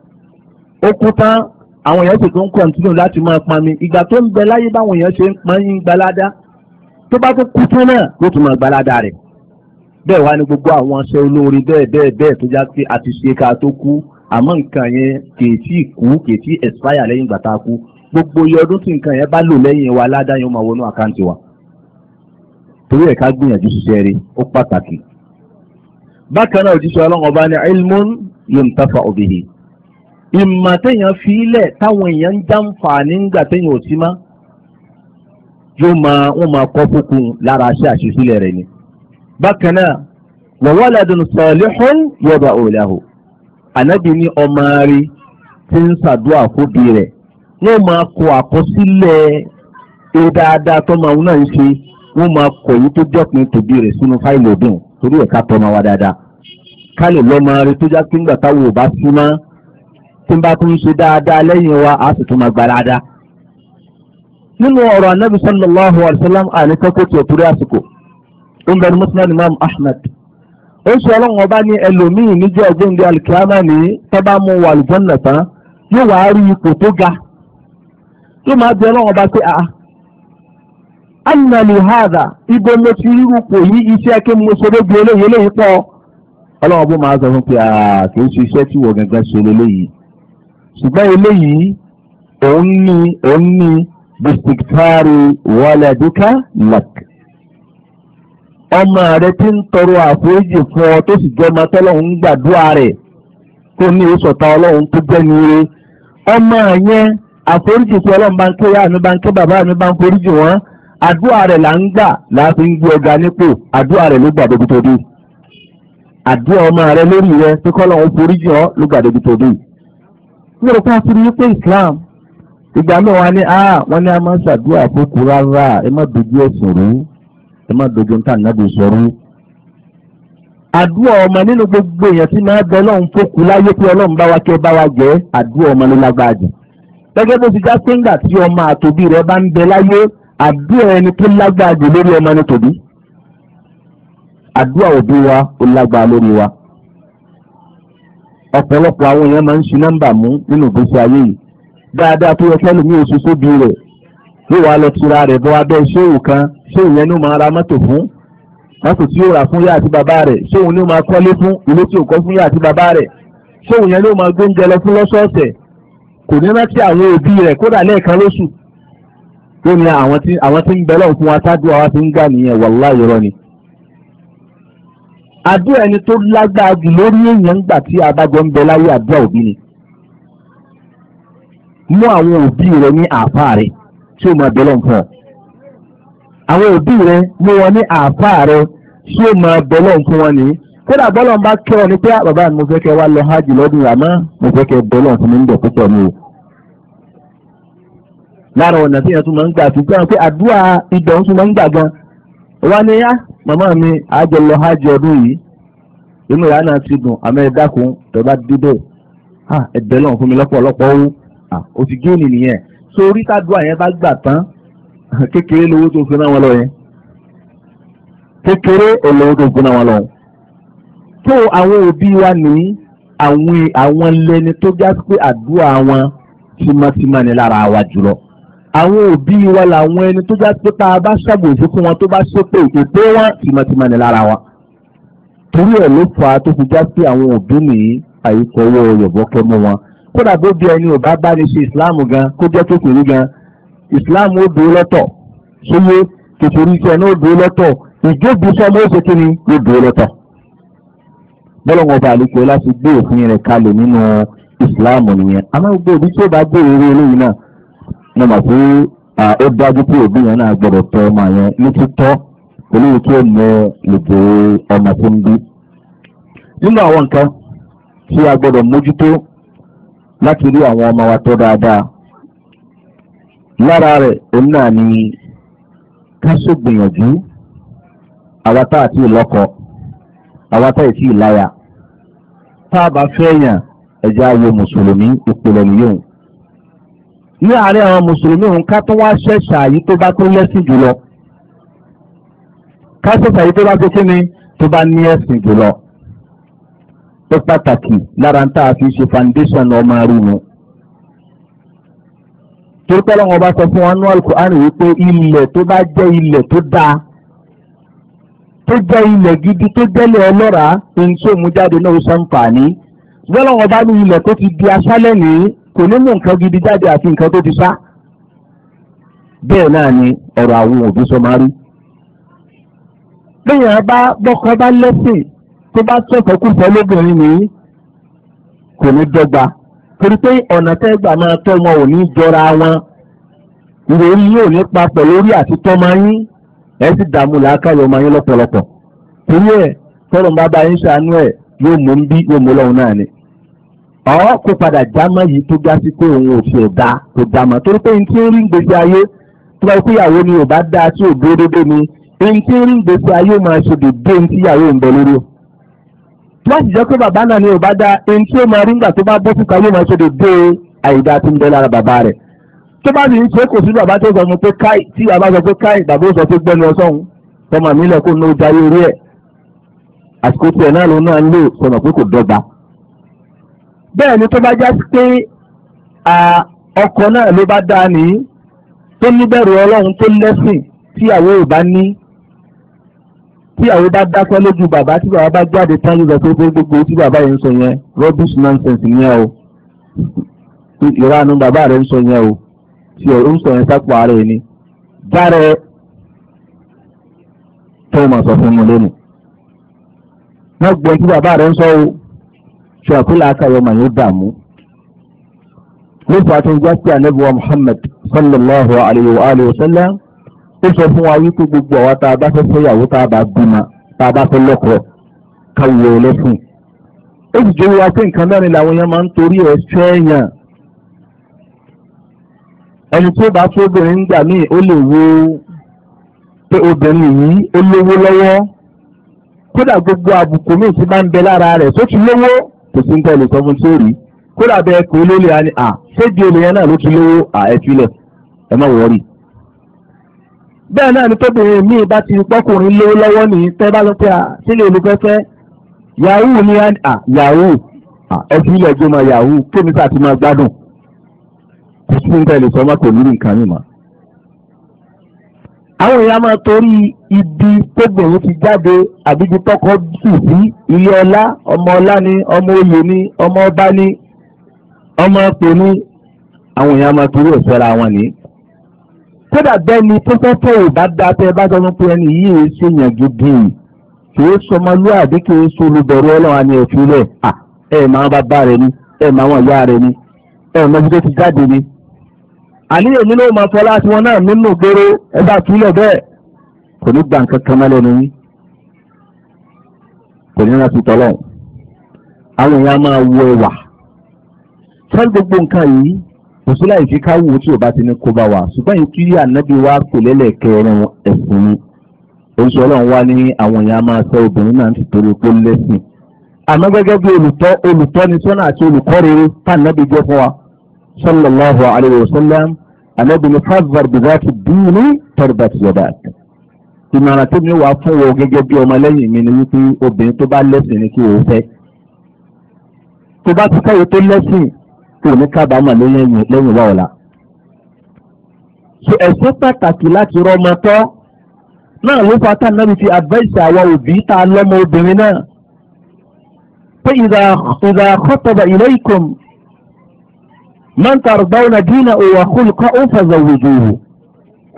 ó kú tán àwọn èèyàn sì tún kọ̀ǹtínú láti máa pami ìgbà tó ń bẹ láyé báwọn èèyàn ṣe ń pamí gbalada tó bá tó kú tán náà ló tún máa gbalada rẹ̀ bẹ́ẹ̀ wá ní gbogbo àwọn aṣọ olóore bẹ́ẹ̀ bẹ́ẹ̀ bẹ́ẹ̀ tó já sí àti ṣe ká tó kú àmọ́ nǹkan yẹn kìí tí kú kìí expire lẹ́yìn ìgbà tá a kú gbogbo iye ọdún tí nǹkan yẹn bá lò lẹ́yìn wa ládàá yẹn máa wọnú àkáǹtì wa torí ẹ̀ka gbìyànjú ṣiṣẹ́ rí ó pàtàkì bákan náà òjíṣẹ́ ọlọ́run ọba ní ilmun yuntafa bihi Ịma téèyàn fi ilẹ̀ táwọn èèyàn ń jàǹfààní ńgbà téèyàn ò sí mọ́ yóò máa wọ́n máa kọ́ fúnkún lára aṣẹ́ àṣìṣílẹ̀ rẹ̀ ni. bákan náà ànábì ní ọmọ rí tí ń ṣàdúrà fóbi rẹ̀ wọ́n máa kọ àkọsílẹ̀ ẹ dáadáa tọ́mọ àwọn náà ń ṣe wọ́n máa kọ èyí tó jọ́pin tòbí rẹ̀ sínú fáìlì òdùn torí tí n bá tún ṣe dáadáa lẹ́yìn wa a sì tún máa gbà dáadáa. nínú ọ̀rọ̀ anábì sallallahu alayhi wa sallam àníkẹ́kọ̀ọ́ tí òtúrẹ́ àsìkò ó ń bẹ̀rù muslim imam ahmed. ó sọ ọlọ́run ọba ní ẹlòmíì níjọ́ ọgbẹ́ndé alikiyama ní tọ́ba mú wà lùjọ́nà tán yóò wá rí ipò tó ga. yóò máa bí ọlọ́run ọba pé àá annali ibo mo ti rí ipò yìí iṣẹ́ kí mo ṣe dé eléyìí eléyìí pọ̀ ọlọ́run ọba máa sọ fún pé àà kì í ṣiṣẹ́ tí wọ́n gẹ́gẹ́ ṣe lélẹ́yìí ṣùgbọ́n eléyìí òun ní òun ní bisikitari wàlàdíkà lak ọmọ rẹ ti ń tọrọ àforíjì fún ọ tó sì jẹ́ ọmọ tọ́lọ́hún ń gbàdúrà rẹ̀ tó ní ìsọ̀tà ọlọ́hún tó jẹ́ nire ọmọ yẹn àforíjì tí ọlọ́run bá ń ké yá mi bá ń ké bàbá mi bá ń foríjì wọ́n àdúrà rẹ̀ là ń gbà là ń gbé ọ̀gá nípò àdúrà rẹ̀ ló gbàdébi tó dé àdúrà ọmọ rẹ lórí rẹ pé kọ́lọ́hún foríjì ọ ló gbàdébi tó dé ní òkú àti ní pé Islam ìgbà náà wà ní ah, wọn ní a máa ń ṣàdúrà àbókù rárá ẹ má dojú ẹ̀sìn rú ẹ má dojú nǹkan nàbì sọrú. àdúrà ọmọ nínú gbogbo èèyàn tí máa bẹ lọ́hùn fòkù láyé pé ọlọ́run bá wa kẹ́ bá wa jẹ́ àdúrà ọmọ ló lágbára jù. gẹ́gẹ́ bó ti já sẹ́ńgà tí ọmọ àtòbí rẹ bá ń bẹ láyé àdúrà ẹni tó lágbára jù lórí ọmọ ní tòbí. àdúrà òbí wa ó lágbára lórí wa ọ̀pọ̀lọpọ̀ àwọn èèyàn máa ń ṣi nọ́mbà mú nínú ìgbésí ayé yìí dáadáa tó yẹ kẹ́lùmí oṣù sóbi rẹ̀ yóò wá lọ tura rẹ̀ bọ́ abẹ́ ṣéwù kan ṣéwù yẹn ni ó máa ra mọ́tò fún mọ́tò tí yóò rà fún yá àti bàbá rẹ̀ ṣéwù ni ó máa kọ́lé fún ilé tí ò kọ́ fún yá àti bàbá rẹ̀ ṣéwù yẹn ni ó máa gbóúnjẹ lọ fún lọ́sọ̀ọ̀sẹ̀ kò ní rántí àwọn òbí rẹ̀ kódà lẹ́ẹ̀kan lóṣù tó ní àwọn tí ń bẹ fún wa ṣáájú àwa ti ń gbà nìyẹn wàláyọ̀rọ̀ ni àdúrà ẹni tó lágbára jù lórí èèyàn gbà tí abájọ ń bẹ láyé àdúrà òbí ni àwọn òbí rẹ ní àáfà rẹ tí ó máa bẹlọ nǹkan rẹ mú wọn ní rẹ tí máa nǹkan wọn kódà ń bá kẹ́ ọ ni pé ah, bàbá mi mo fẹ́ lọ hajj lọ́dún mo fẹ́ kẹ́ fún mi ń bọ̀ o. lára ọ̀nà tí yẹn tún máa ń gbà pé àdúrà ìdọ̀ tún máa ń Mama mi àjọ lọ hajj ọdún yìí inú ìyá náà ti dùn àmọ́ ẹ dákun tó bá dídẹ̀ ẹ̀bẹ̀ lọ́n fún mi lọ́pọ̀lọpọ̀ owó ó ti géènì nìyẹn sórí tádùá yẹn bá gbà tán kékeré lówó tó fi náà wọn lọ yẹn kékeré olówó tó fi náà wọn lọ. tó àwọn òbí wa ní àwọn àwọn lẹni tó já sí pé àdúrà wọn tímọ́tímọ́ ni lára wa jùlọ àwọn òbí wa làwọn ẹni tó já pé tá a bá ṣàgbèsí fún wọn tó bá ṣépè èpè wọn tìmọ̀tìmọ̀ ní lára wa. torí ẹ̀ ló fà á tó fi já pé àwọn òbí nìyí àyíkọwọ́ yọ̀bọ̀kẹ́ mú wọn. kódà bó bí ẹni ò bá bá ní ṣe ìsìláàmù gan kó jẹ́ kékeré gan ìsìláàmù ó dúró lọ́tọ̀ ṣóyé kékeré iṣẹ́ náà ó dúró lọ́tọ̀ ìjókòó sọmọ ṣe kí ni ó dúró lọ́tọ̀. bọ́lọ̀ngàn ọba àlekè ọlá ti gbé òfin rẹ̀ kalẹ̀ nínú ìsìláàmù nìyẹn. àmọ́ gbogbo òbí tí ó bá gbé èrè eléyìí náà mo mọ̀ pé ó dájú pé òbí yẹn náà gbọ́dọ̀ tọ́ ọmọ yẹn ní títọ́ eléyìí tí ó mọ ètò ọmọ tó ń bí. nínú àwọn nǹkan tí a gbọ́dọ̀ mójútó láti rí àwọn ọmọ wa tọ́ dáadáa lára rẹ̀ òun náà ni ká àwa tá àwa tá ní àárín àwọn mùsùlùmí òun ká tún wá ṣẹ̀ṣà yìí tó bá tó lẹ́sìn jùlọ ká ṣẹ̀ṣà yìí tó bá tó kí ni tó bá ní ẹ̀sìn jùlọ ó pàtàkì lára tá a fi ṣe foundation ọmọ arúnú. torí pé ọlọ́run ọba sọ fún wa nú Al-Qur'an wípé ilẹ̀ tó bá jẹ́ ilẹ̀ tó dáa tó jẹ́ ilẹ̀ gidi tó jẹ́lẹ̀ ọlọ́ràá ohun tí òun jáde náà ó ṣàǹfààní. ṣùgbọ́n ọlọ́run ọba ní ilẹ̀ tó ti di aṣálẹ̀ nìyí kò ní mú nǹkan gidi jáde àti nǹkan tó ti sá bẹ́ẹ̀ náà ni ọ̀rọ̀ àwọn òbí sọ máa rí. bẹ́ẹ̀ bá bọ́kọ bá lẹ́sìn tó bá tọ̀fẹ́ kú fẹ́ lóbìnrin nìyí kò ní dọ́gba torí pé ọ̀nà tẹ́gbà máa tọ́ wọn ò ní jọra wọn ìròyìn yóò ní papọ̀ lórí àtitọ́ máa yín ẹ sì dààmú làákàyọ̀ máa yín lọ́pọ̀lọpọ̀ torí ẹ̀ tọ́lọ́mbá bá yín ṣàánú ẹ̀ yóò mú bí yóò mú lọ́hùn náà ni ọ̀ kó padà jámọ́ yìí tó já sí pé òun ò fi ẹ̀dá tó jámọ́ torí pé n tí ń rí gbèsè ayé tó bá kó ìyàwó ni ò bá dáa tí ò dúró dédé ni n tí ń rí gbèsè ayé máa ṣe dédé n tí ìyàwó ń bẹ lórí o. tó bá sì jẹ́ pé bàbá náà ni ò bá dáa n tí ó máa rí ńgbà tó bá bọ́ fúnka yóò máa ṣe dédé àìdá tí ń bẹ lára bàbá rẹ̀. tó bá sì ń ṣe kò sí bàbá tó sọ fún pé káì tí bàbá sọ pé káì bàbá bẹ́ẹ̀ ni tó bá já sí pé ọkọ náà ló bá dáa nìyí tó níbẹ̀rù ọlọ́run tó lẹ́sìn tíyàwó ò bá ní tíyàwó bá dákẹ́ lójú bàbá tí bàbá bá jáde tán yóò sọ pé gbogbo tí bàbá yẹn ń sọ yẹn rubbish nonsense yẹn o ìranu bàbá rẹ̀ ń sọ yẹn o tí o ń sọ yẹn sápò ara ẹni járe tó mọ̀ sọ fún mi lónìí. wọ́n gbọ́n tí bàbá rẹ̀ ń sọ o. ṣe aka akayọmọ yóò dààmú lófà tó jẹ́ pé ànábìwá Muhammad sallallahu alayhi wa alayhi wa sallam ó sọ fún wa wípé awa ta tá a bá fẹ́ fẹ́yàwó tá a bá bímọ tá a bá fẹ́ lọ́kọ̀ọ́ káwé ẹlẹ́sìn ó sì jẹ́ wíwá pé nǹkan mẹ́rin làwọn èèyàn máa ń torí ẹ̀ sẹ́yìn ẹni tó bá tó obìnrin ń gbà kò sí ń tẹ́ lè sọ fún tí ó rí kódà bẹ́ẹ̀ kó ló lè ani à ṣé di olè yẹn náà ló ti lówó à ẹ filẹ̀ ẹ má wọ́ọ̀rì. bẹ́ẹ̀ náà ni tóbìnrin míì bá ti pọ́kùnrin lówó lọ́wọ́ ní tẹ́ bá lọ pé à sílẹ̀ olùfẹ́fẹ́ yahoo ni à yahoo ẹ filẹ̀ jọmọ yahoo kémi sáà gbádùn kò sí ń tẹ́ lè kò ní nǹkan yìí mọ́ àwọn èèyàn máa torí ibi tóbìnrin ti jáde àbíbi tọkọ sì sí ilé ọlá ọmọ ọlá ni ọmọ oyè ni ọmọ ọba ni ọmọ ọpẹ ni àwọn èèyàn máa torí òṣèlú àwọn nìyí kódà bẹ́ẹ̀ ni pẹ́pẹ́pẹ́ ò bá dáa tẹ́ ẹ bá sọmọ pé ẹni yìí ò ṣe yàn gidi kì í sọmọlúwàbí kì í solùbẹ̀rù ọlọ́run àni ẹ̀fílẹ̀ ẹ̀ máa bá bá rẹ ni ẹ̀ máa wọ̀n ìyá rẹ ni ẹ̀ mọ́jú ni àníyàn mi ló máa fọ láti wọn náà nínú gbèrò ẹ bá túlẹ̀ bẹ́ẹ̀ kò ní gbà nǹkan kan mẹ́lẹ́nu yín kò ní rántí tọ́lọ̀ àwọn èèyàn máa wọ ẹwà fẹ́ gbogbo nǹkan yìí òṣìlá yìí fi ká wò tí ò bá ti ní kó bá wa ṣùgbọ́n yìí kí ànábì wa kò lẹ́lẹ̀ kẹrin ẹ̀sìn ni oṣù ọlọ́run wá ní àwọn èèyàn máa sọ obìnrin náà ti torí pé lẹ́sìn àmọ́ gẹ́gẹ́ bí olùtọ́ olùtọ́ ni sọ́nà àti olùkọ́ rere tá ànábì jẹ́ fún wa sallallahu alayhi wa sallam Ànábì ní fásitì bìbáàkì dìínì tọ́rọ̀bàtì yọ̀bàtì. ìmọ̀ràn tí mi wà fún wo gẹ́gẹ́ bí ọmọlẹ́yìn mi ni wípé obìnrin tó bá lẹ́sìn ni kí o fẹ́. tó bá ti káyọ̀ tó lẹ́sìn kò ní kábàámọ̀ lẹ́yìn wá ọ̀la. so pàtàkì láti rọmọ tọ́ náà ló fa táwọn náà fi advice àwa òbí tá lọ́mọ obìnrin náà. pé ìdá ìdá khotaba ilaykum man tardawna dinahu wa khulqahu fazawwijuhu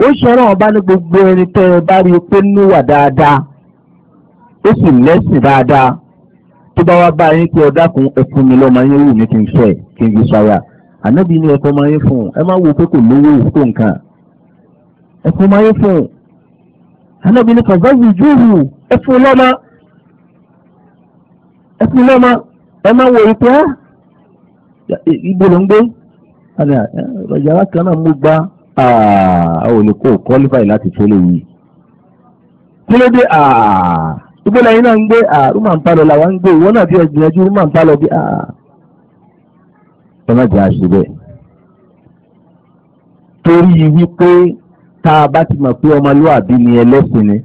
ó ṣọ́rọ̀ ọba ní gbogbo ẹni tẹ́ ẹ bá rí i pé níwà dáadáa ó sì lẹ́sìn dáadáa tó bá wá bá yín pé ọ̀dàkùn ẹkún mi lọ́mọ yín wù mí kí n fẹ́ kí n fi ṣọ́ra ànábì ní ẹ̀kọ́ máa yín fún ẹ má wo pé kò lówó òkú nǹkan ẹ̀kọ́ máa yín fún ànábì ní kàzáàzì júùrù ẹ fún lọ́mọ ẹ lọ́mọ ẹ má wo ìpẹ́ ah, ibo ló ń gbé yàrá kan náà mo gbá àwọn olùkọ́ qualify láti tó lè yí kí ló dé ìgbélé yín náà ń gbé rúmà ń palọ̀ làwọn ń gbé ìwọ náà bí ẹgbìyànjú rúmà ń palọ̀ bí ẹ má jẹ́ àṣẹ torí wípé tá a bá ti mọ̀ pé ọmọlúwàbí ni ẹlẹ́sìn ni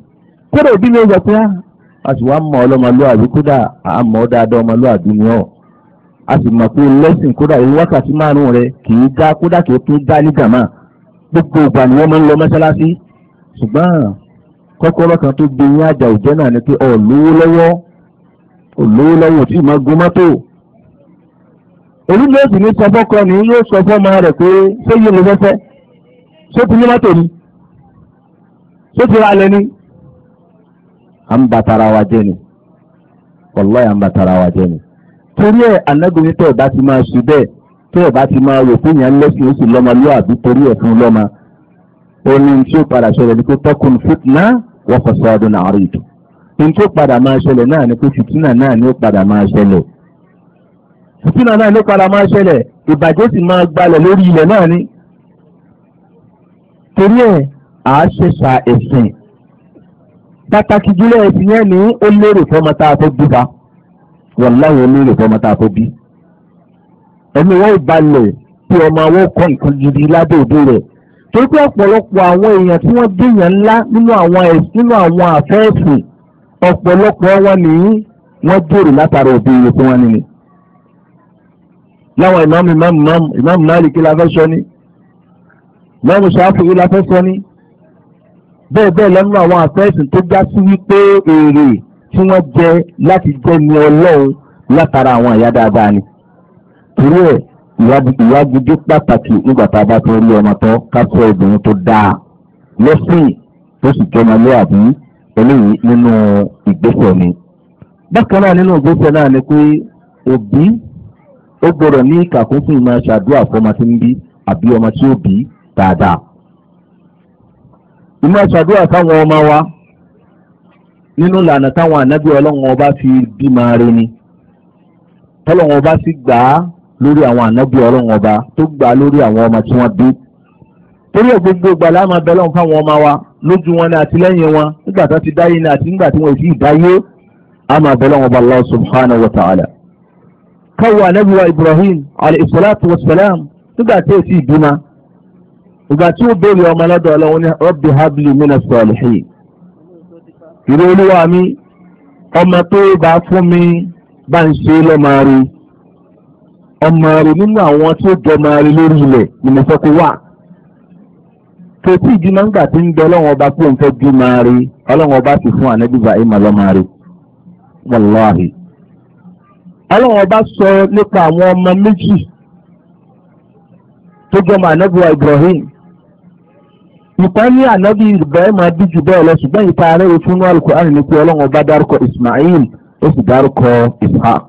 kódà òbí mi ń sọ pé ah, a sì wá mọ̀ ọlọ́mọlúwàbí kódà àmọ́ dáadáa ọmọlúwàbí ni ọ̀ a sì mọ̀ pé lẹ́sìn kódà ìlú wákàtí márùn rẹ kì í dá kódà kì í tún dá ní jàmá gbogbo ìgbà ṣùgbọ́n kọ́kọ́rọ́ kan tó gbé ní àjà òjẹ́ náà ni pé lọ́wọ́ lọ́wọ́ tí gun mọ́tò orílẹ̀ èdè ní sọfọ́kọ ni yóò sọ fọ́mọ rẹ̀ pé ṣé yìí ló fẹ́fẹ́ ṣé ti ní mọ́tò ni ṣé ti ra ni ń wa ni. torí ẹ̀ anágòmí tẹ̀ bá ti máa ṣe bẹ́ẹ̀ tẹ̀ bá ti máa rò fún yẹn lẹ́sìn oṣù lọ́mọlúwàbí torí ẹ̀ fún lọ́mọ oní tí ó padà ṣẹlẹ̀ ni pé tọkùn fitna wọ́n kọ́ sọ́ọ́dún náà rí ìdù ní tí ó padà máa ṣẹlẹ̀ náà ni pé fìtínà náà ni ó padà máa ṣẹlẹ̀ fìtínà náà ni ó padà máa ṣẹlẹ̀ ìbàjẹ́ sì máa gbalẹ̀ lórí ilẹ̀ náà ni torí ẹ̀ à á ṣe sa ẹ̀sìn pàtàkì jùlọ ẹ̀sìn yẹn ni ó lérò fọmọ tá a fẹ́ gbé wa wàláhì onírè fọmọ tá a kó bí. ẹni wọ́n ìbalẹ̀ tí ọmọ àwọn kọ́ nǹkan gidi lábẹ́ òde rẹ̀ torí pé ọ̀pọ̀lọpọ̀ àwọn èèyàn tí wọ́n déèyàn ńlá nínú àwọn nínú àwọn àfẹ́ẹ̀sìn ọ̀pọ̀lọpọ̀ wọn nìyí wọ́n jèrè látara òbí rẹ̀ fún wọn nìyí. láwọn ìmáàmù ìmáàmù ìmáàmù ìmáàmù Malik la fẹ́ sọ ni ìmáàmù Ṣáfi'í la fẹ́ sọ ni bẹ́ẹ̀ bẹ́ẹ̀ lọ́nà àwọn àfẹ́ẹ̀sìn tó já sí wípé èrè tí wọ́n jẹ́ láti jẹ́ ní ọlọ́run látara àwọn àyà dáadáa ni. torí ẹ̀ ìwádìí pàtàkì nígbà tá a bá tó rí ọmọ tó kásọ obìnrin tó dáa lọ́sìn tó sì jọmọ lóàbí eléyìí nínú ìgbésẹ̀ ni. bákan náà nínú ìgbésẹ̀ náà ni pé òbí ó gbọ́dọ̀ ní ìkàkùn fún ìmọ̀ ṣàdúrà fọmọ tí ń bí àbí ọmọ tí ó bí dáadáa. ìmọ̀ ṣàdúrà fáwọn ọmọ wa nínú ìlànà táwọn ànábì ọlọ́run ọba fi bímọ rẹ ni tọ́lọ́run ọba sì gbà á lórí àwọn ànábì ọlọ́run ọba tó gbà á lórí àwọn ọmọ tí wọ́n bí torí ẹ̀ gbogbo ìgbà láàmú abẹ́lọ́run fáwọn ọmọ wa lójú wọn ni àtìlẹ́yìn wọn nígbà tó ti dáyé ni àti nígbà tí wọn ò sì dáyé àmọ́ abẹ́lọ́run ọba Allah subhanahu wa ta'ala káwọ ànábì wa Ibrahim alayhi salatu wa salam nígbà tí ó ìró olúwa mi ọmọ tó bá fún mi bá ń ṣe lọ́mọ rí ọmọ rí nínú àwọn tó jọmọ rí lórí ilẹ̀ ni mo fẹ́ kó wà kòtí ìdímọ̀ ńgbà tí ń bẹ ọlọ́run ọba pé òun fẹ́ bí máa rí ọlọ́run ọba sì fún ànábìbà ìmọ̀ lọ́mọ rí wàláhì. ọlọ́run ọba sọ nípa àwọn ọmọ méjì tó jọmọ ànábìbà Ibrahim ìpẹ́ ní ànábì ìbẹ́ẹ́ máa bí jù bẹ́ẹ̀ lọ ṣùgbọ́n ìta rẹ̀ wò fún alukur'an ni pé ọlọ́run ọba dárúkọ Ismail ó sì dárúkọ Ishaq.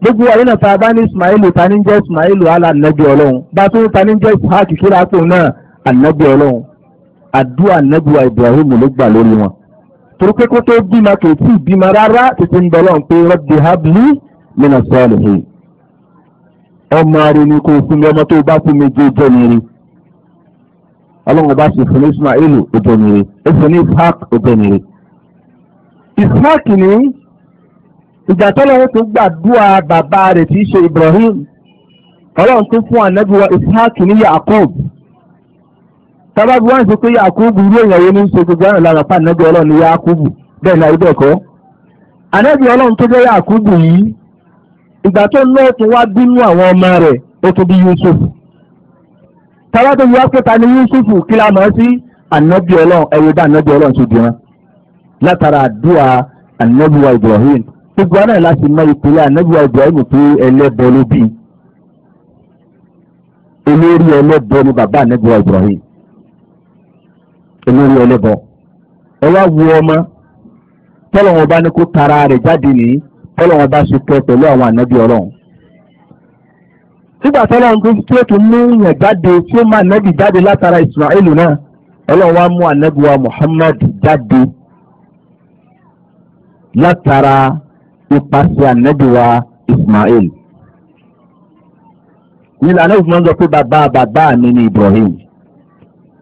gbogbo wa nínú ta bá ní Ismail ta ní jẹ́ Ismail ala ànábì ọlọ́run bá tó ta ní jẹ́ Ishaq kíra pò náà ànábì ọlọ́run àdúrà ànábì wa Ibrahim ló gbà lórí wọn. torí pé kó tó bímọ kò tí ì bímọ rárá tètè ń bọ̀lọ́ pé Rabbi habli mina salihin ọmọ rẹ kò fún mi ọmọ tó bá fún mi jẹ́ jẹ́ mi ọlọ́run ọba sì fún ismailu obìnrin ó fún ní ishaq obìnrin. ishaq ní ìgbà tọ́lọ́run tó gbàdúrà bàbá rẹ̀ tí í ṣe ibrahim ọlọ́run tó fún ànábìwọ̀ ishaq ní yakub tábàbí wọ́n ń sọ pé yakub irú èèyàn wo ní ń ṣe gbogbo àrùn lára pa ànábì ọlọ́run ní yakub bẹ́ẹ̀ náà ibẹ̀ kọ́ ànábì ọlọ́run tó jẹ́ yakub yìí ìgbà tó ń lọ́ọ̀tún wá bínú àwọn ọmọ rẹ̀ ó tó bí yusuf tọ́lá tó yọ pé ta ni Yusufu kí la mọ̀ sí ànábì ọlọ́run ẹ̀yọ́ dá ànábì ọlọ́run ti dìran látara àdúrà ànábì wa Ibrahim gbogbo ara láti mọ ìpínlẹ̀ ànábì wa Ibrahim pé ẹlẹ́bọ ló bí olórí ẹlẹ́bọ ni bàbá ànábì wa Ibrahim olórí ẹlẹ́bọ ẹ wá wo ọmọ tọ́lọ̀ wọn bá ní kó tara rẹ̀ jáde nìyí tọ́lọ̀ wọn bá ṣe kẹ́ pẹ̀lú àwọn ànábì ọlọ́run sígbà sọ́lá ń gbé tí ó tún mú yàn jáde tí ó máa nẹ́bì jáde látara Ismail náà ọlọ́run wa mú ànábì Muhammad jáde látara ipasẹ̀ ànábì wa Ismail. nílẹ̀ ànábì fún wọn sọ pé bàbá bàbá mi ni Ibrahim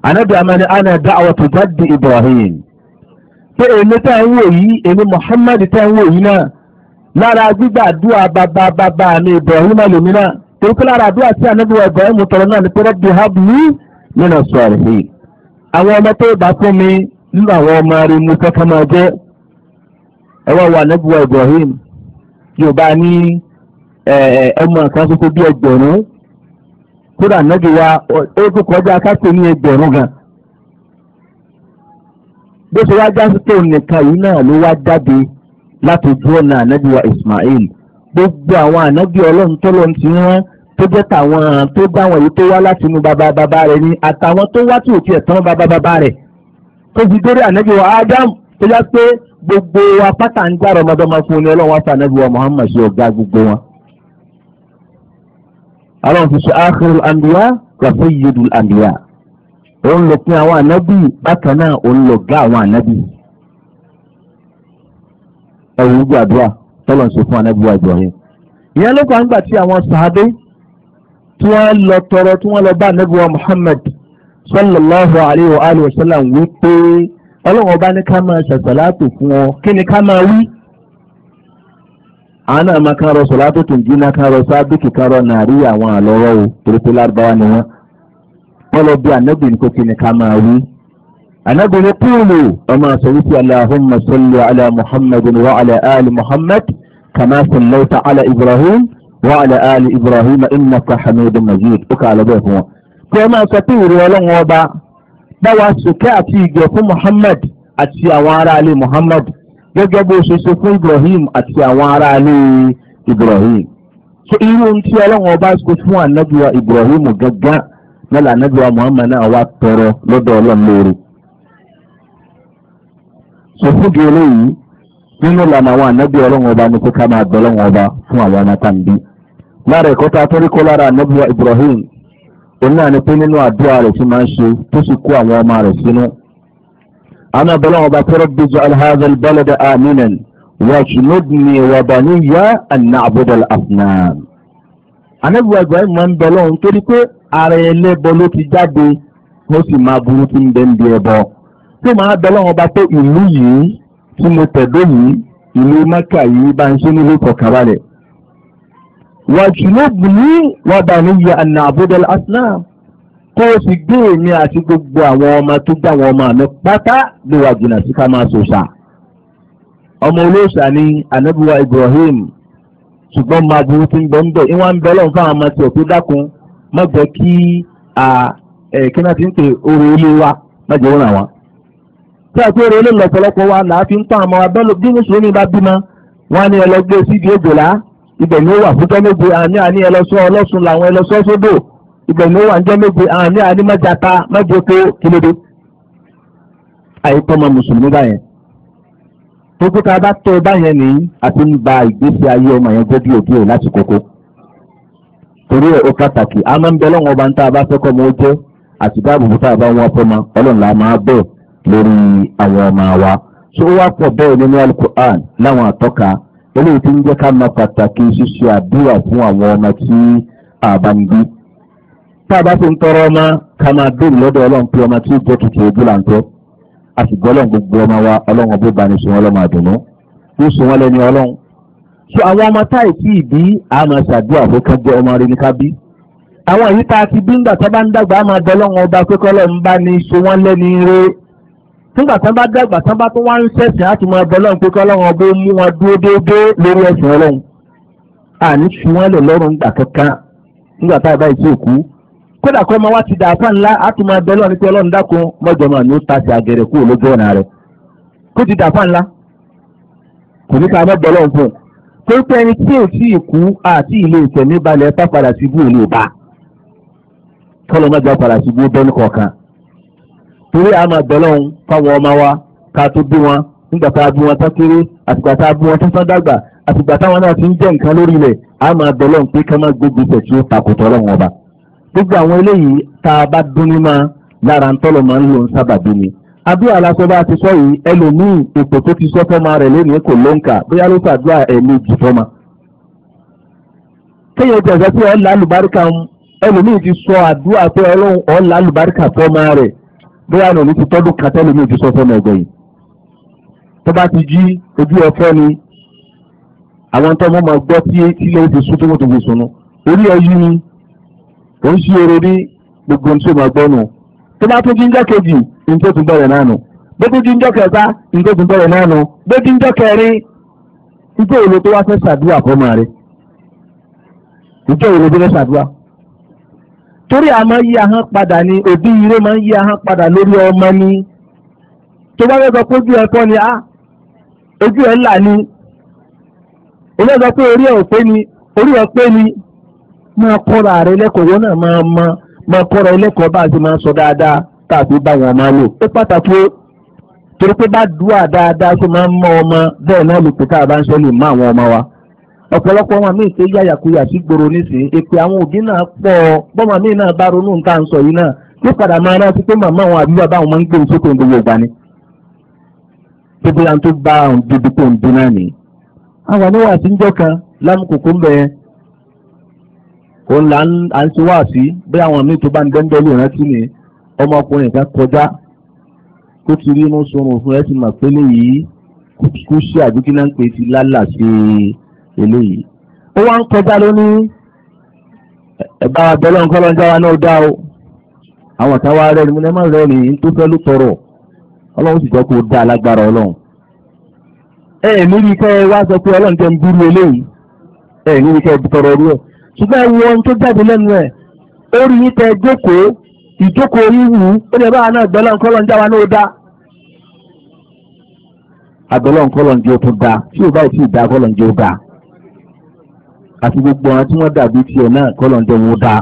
ànábì amani ana da'watu jaddi Ibrahim pé èmi tá ń wò yìí èmi Muhammad tá ń wò yìí náà lára gbígbàdúrà bàbá bàbá mi Ibrahim lèmi torí pé lára àdúrà tí ànábì Ibrahim tọrọ náà ni pé rọ́bì habli nínú sọ̀rọ̀hìn àwọn ọmọ tó bá fún mi nínú àwọn ọmọ rẹ mo fẹ́ máa jẹ́ ẹ wá Ibrahim yóò bá ní ọmọ kan tó tó bí ẹgbẹ̀rún kódà wa ó kọjá ní ẹgbẹ̀rún gan bó ṣe wá Ismail gbogbo àwọn ọlọ́run tọ́lọ́run ti tó jẹ́ tàwọn tó bá wọn yìí tó wá láti inú bàbá bàbá rẹ̀ ni àtàwọn tó wá tí ò tiẹ̀ tán bàbá bàbá rẹ̀ tó fi dórí ànábì wa Adam tó yá pé gbogbo wa pátá ń gbá rọmọdọ́mọ fún ni ọlọ́run wá fún ànábì wa Muhammad ṣe ọ̀gá gbogbo wọn. àwọn fi ṣe akhirul anbiya wa sayyidul anbiya òun lò pin àwọn ànábì bákan náà òun lò gá àwọn ànábì. ẹ̀rù gbàdúrà tọ́lọ̀ ń ṣe fún ànábì wa Ibrahim. ìyẹn ló kàn ń tí àwọn sàádé tí wọ́n lọ tọrọ tí wọ́n lọ bá ànábì wa Muhammad sallallahu alayhi wa alihi wa sallam wípé ọlọ́run ọba ní ká máa ṣàṣàlátò fún ọ kí ni ká máa wí. àwọn náà máa kán rọ sọ̀látò tó ń jiná kán rọ sábìkì kán rọ nàárí àwọn àlọ́rọ́ o torí lárúbáwá ni wọ́n. wọ́n lọ bí ànábì ní kó kí ni ká máa wí. ànábì ní kúlù ọmọ sọ wípé allahumma salli ala muhammadin wa ala ali muhammad kama sallaita ala ibrahim wa alaali ibrahim innaka hamidun majid ó kà á lọ bẹ́ẹ̀ fún wọn. kí ẹ máa sọ ọba báwa sùkẹ́ àti fún muhammad àti àwọn aráalé muhammad gẹ́gẹ́ bó ṣe fún ibrahim àti àwọn aráalé ibrahim. so irú ohun tí ọlọ́run ọba ṣe fún anabiwa ibrahim gángan náà lànàbiwa muhammad náà wá tọrọ lọ́dọ̀ fún gẹ́lẹ́ yìí nínú ọba ká máa ọba fún lára ẹ̀kọ́ tá a tó rí kọ́ lára ànábìwá Ibrahim òun náà ni pé nínú àdúrà rẹ̀ tí máa ń ṣe tó sì kó àwọn ọmọ rẹ̀ sínú. àwọn abẹ́lẹ́ ọba tẹ́rọ bíjọ alhaza balada aminan wàjúmọ́dúnni wàbàníyà àná àbúdà afnan. ànábìwá Ibrahim máa ń bẹ lọ́hùn torí pé ara ẹlẹ́bọ ló ti jáde ó sì máa burú tí ń bẹ ń bí ẹbọ. tó máa bẹ lọ́hùn ọba pé ìlú yìí tí mo tẹ̀dó yìí ìlú Mẹ́kà yìí bá ń ṣe nílé kọ̀ọ̀kan balẹ̀. wàjúlóbùnì wàbàníyà àná àbúdọ̀lá aslam kó o sì gbé èmi àti gbogbo àwọn ọmọ tó gbà wọn ọmọ mi pátá ló wà jìnnà sí ká máa sòṣà ọmọ olóòṣà ni anabiwa Ibrahim ṣùgbọ́n máa burú tí ń bọ́ ń bẹ̀ ìwọ̀n ń bẹ̀ lọ́n fún àwọn ọmọ tí òkú dákun má jẹ́ kí kí náà ti ń pè oore ilé wa má jẹ́ òun àwọn. tí a pé oore ilé lọ́pọ̀lọpọ̀ wa là fi ń pa àmọ́ abẹ́lò bí mùsùlùmí bá bímọ wọn e síbi ibẹ̀ ni ó wà fújọ́ méje àní àní ẹlọ́sọ́ ọlọ́sùn làwọn ẹlọ́sọ́ sódò ibẹ̀ ni ó wà níjọ́ méje àní àní mẹ́jata mẹ́jọ tó kílódé. àìtọ́mọ mùsùlùmí báyẹn tó kó tá a bá tọ́ báyẹn nìyí àti ń ba ìgbésí ayé ọmọ yẹn gbé díò díò láti kókó. torí ẹ̀ ó pàtàkì a máa ń bẹ lọ́wọ́ ọba ń tá a bá fẹ́ ọmọ ó jẹ́ àti dáàbòbò tá a la máa bẹ̀ lórí àwọn wa. tó wá pọ̀ bẹ́ẹ̀ nínú eléyìí tí ń jẹ́ ká mọ pàtàkì ṣíṣe àdúrà fún àwọn ọmọ tí a bá ń bí. tá a bá ti ń tọrọ ọmọ ká máa béèrè lọ́dọ̀ ọlọ́run pé ọmọ tí ó jẹ́ tuntun ojú là ń tọ́ a sì gbọ́ ọlọ́run gbogbo ọmọ wa ọlọ́run ọbẹ̀ bá ní sùn ọlọ́run àdùnnú yóò sùn wọ́n lẹ́ni ọlọ́run. so àwọn ọmọ táì tí ì bí a máa ṣàdúrà fún ká jẹ ọmọ rẹ ní ká bí. àwọn èyí tá a ti bí ńgbà tó bá ń dàgbà á máa dọ́ ọlọ́run ọba pé kọ́lọ́ nígbà tán bá dàgbà tán bá tún wá ń ṣẹ̀sìn láti máa bọ́ lọ́run pé kí ọlọ́run ọbẹ̀ mú wọn dúró déédéé lórí ẹ̀sìn ọlọ́run àní fi wọ́n lè lọ́rùn nígbà kankan nígbà tá a bá ìṣe òkú kódà kọ́ ọmọ wa ti dà àfa ńlá á tún máa bẹ lọ́run pé ọlọ́run dákun mọ́jọ máa ní ó ta sí àgẹ̀rẹ̀ kúrò lójú ọ̀nà rẹ̀ kó ti dà àfa ńlá kò ní ká mọ́ bọ́ lọ́run fún un pé pé ẹni tí ò tí ì kú àti ilé ìtẹ̀mí balẹ̀ bá padà sí ibú òní ò bá kọ́ lọ́ mọ́jọ padà sí ibú bẹ́ẹ̀ ní kọ̀ọ̀kan. torí a máa bẹ̀ fáwọn ọmọ wa ká tó bí wọn nígbà tá a bí wọn tán kéré àtìgbà tá a bí wọn tán tán dàgbà àtìgbà táwọn náà ti ń jẹ́ nǹkan lórí ilẹ̀ a máa pé ká má gbógun tẹ̀ tí ó takòtò ọlọ́run ọba gbogbo àwọn eléyìí tá a bá dún ní máa lára ti sọ yìí ẹlòmíì tó ti sọ fọ́mọ rẹ̀ lónìí kò ló ẹlòmíì ti sọ àdúrà pé ọlọ́run rẹ̀ bóyá ní òní ti tọ́dún kan tẹ́lẹ̀ mi ò ti sọ fún ọmọ ẹ̀gbẹ̀yìn tó bá ti jí ojú ọ̀fẹ́ ni àwọn tó mọ̀ máa gbọ́ tí ilé ti sún tó mọ̀tò gbèsò nu orí ọyí ni ò ń ṣí oore ní gbogbo ohun tí ó nù tó bá tún jíjọ́ kejì ní tó tún bẹ̀rẹ̀ náà nù bó tún jíjọ́ kẹta ní tó tún bẹ̀rẹ̀ náà nù bó jíjọ́ kẹrin ìjọ òru tó wá fẹ́ ṣàdúrà fọ́mọ torí a máa ń yí ahọ́n padà ni òbí ire máa ń yí ahọ́n padà lórí ọmọ ni tó bá fẹ́ sọ pé ojú ẹ kọ́ ni a ah, ojú ẹ là ni o pé orí ni orí ẹ pé ni máa kọ́ra rẹ lẹ́kọ̀ọ́ wọn náà máa mọ máa kọ́ra ẹ lẹ́kọ̀ọ́ bá a ti máa sọ dáadáa tá a ba máa lò ó pàtàkì ó torí pé bá dùn àdáadáa tó máa ń mọ ọmọ bẹ́ẹ̀ àwọn ọmọ wa. ọ̀pọ̀lọpọ̀ ọmọ mi ṣe yàyàkuyà sí gbòòrò nísìnyí èpè àwọn òbí náà pọ̀ bọ́mọ mi náà bá ronú nǹkan sọ yìí náà tí padà máa rántí pé màmá àwọn àbí bàbá àwọn máa ń gbé sókè ní gbogbo ìgbà ni. tóbi à ń tó bá àwọn débi tó ń dín náà nìyí. àwọn oníwà tí ń jọ kan ń bẹ òun là ń ṣe wá sí bí àwọn míì tó bá ń dẹ́ńdẹ́ lè rántí ni ọmọkùnrin kan kọjá eléyìí ó wá ń kọjá lónìí ẹ̀bá abẹ́lẹ́ nǹkan lọ́njà náà dá o àwọn kan wá rẹ́rìn múlẹ́ má rẹ́rìn tó fẹ́ ló tọrọ ọlọ́run sì jẹ́ kó dá alágbára ọlọ́run ẹ ẹ̀ níbi kẹ́ ẹ wá sọ pé ọlọ́run jẹ́ ń búrú eléyìí ẹ ẹ̀ níbi kẹ́ ẹ tọrọ rú ẹ̀ ṣùgbọ́n ẹ wo ohun tó jáde lẹ́nu ẹ̀ ó rí yín tẹ jókòó ìjókòó yín wù ú ó lè bá àwọn náà gbẹ́lọ́ nǹkan lọ́njà wa náà dá àgbẹ̀lọ́ nǹkan lọ́njà ó dá tí ò báyìí ì àti gbogbo àwọn tí wọ́n dàbí tiẹ̀ náà kọ́lọ̀ǹdẹ̀ wò dáa.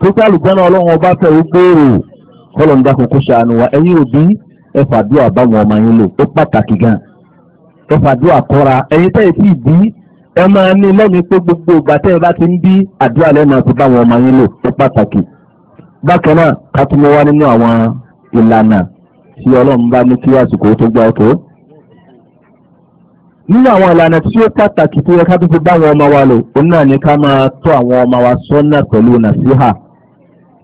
pípẹ́ àlùkọ́nà ọlọ́run ọba fẹ́ ó gbòòrò kọ́lọ̀ǹdà kòkó ṣàánú wa ẹ̀yin òbí ẹ fàdúrà báwọn ọmọ yín lò ó pàtàkì gan. ẹ fàdúrà kọ́ra ẹ̀yin tẹ́ ẹ ti bí ẹ máa ní lẹ́mìí pé gbogbo ìgbà tẹ́ ẹ bá ti ń bí àdúrà lẹ́nu àti báwọn ọmọ yín lò ó pàtàkì. bákan náà ká tún mọ́ wá nínú àwọn ìlànà tí ọlọ́run bá ní kí àsìkò tó gbà ọkọ̀ nínú àwọn ìlànà tí ó pàtàkì tó yẹ ká tó fi bá àwọn ọmọ wa lò òun náà ni ká máa tọ́ àwọn ọmọ wa sọ́nà pẹ̀lú nàṣíhà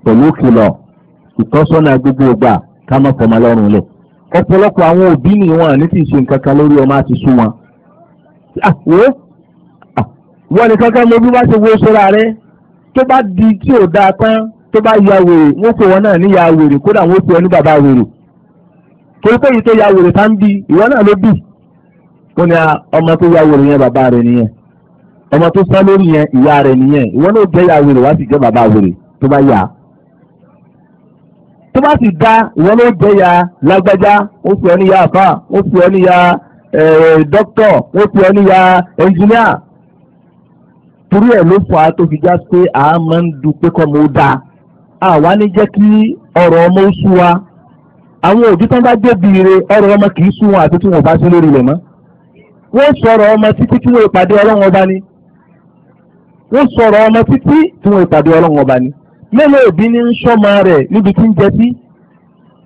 pẹ̀lú kìlọ̀ ìtọ́sọ́nà gbogbo ìgbà ká má fọmọ lọ́rùn lẹ̀. ọ̀pọ̀lọpọ̀ àwọn òbí ni wọn ní ti ṣe nǹkan kan lórí ọmọ àti sún wọn. wọ́n ní kankan mo bí wá ṣe wo sọ́ra rẹ̀ tó bá di tí ò dáa tán tó bá ya wèrè wọ́n fò wọn náà ní ya wèrè kódà wọ́n fò wọ́n ní ah, ọmọ tó yá wèrè yẹn bàbá rẹ̀ nìyẹn ọmọ tó sá lórí yẹn ìyá rẹ̀ nìyẹn ìwọ náà jẹ́ ìyá wèrè wá sì jẹ́ bàbá wèrè tó bá yà á tó bá sì dá ìwọ náà jẹ́ ìyá lágbájá ó sì ọ níyà àfà ó sì ọ níyà eh, dókítọ̀ ó sì ọ níyà ẹnjìníà torí ẹ̀ ló fà á tó fi já pé a máa ń du pé kọ́ mo dáa àwa ní jẹ́ kí ọ̀rọ̀ ọmọ ó sú wa àwọn òbí tán bá dé biire ọ̀rọ̀ ọmọ kì í sú wọn àti tí wọn bá sí lórí rẹ̀ mọ́ wọ́n sọ̀rọ̀ ọmọ títí tí wọ́n ìpàdé ọlọ́run ọba ni wọ́n sọ̀rọ̀ ọmọ títí tí wọ́n ìpàdé ọlọ́run ọba ni mélòó òbí ní ń sọ́mọ rẹ̀ níbi tí ń jẹ sí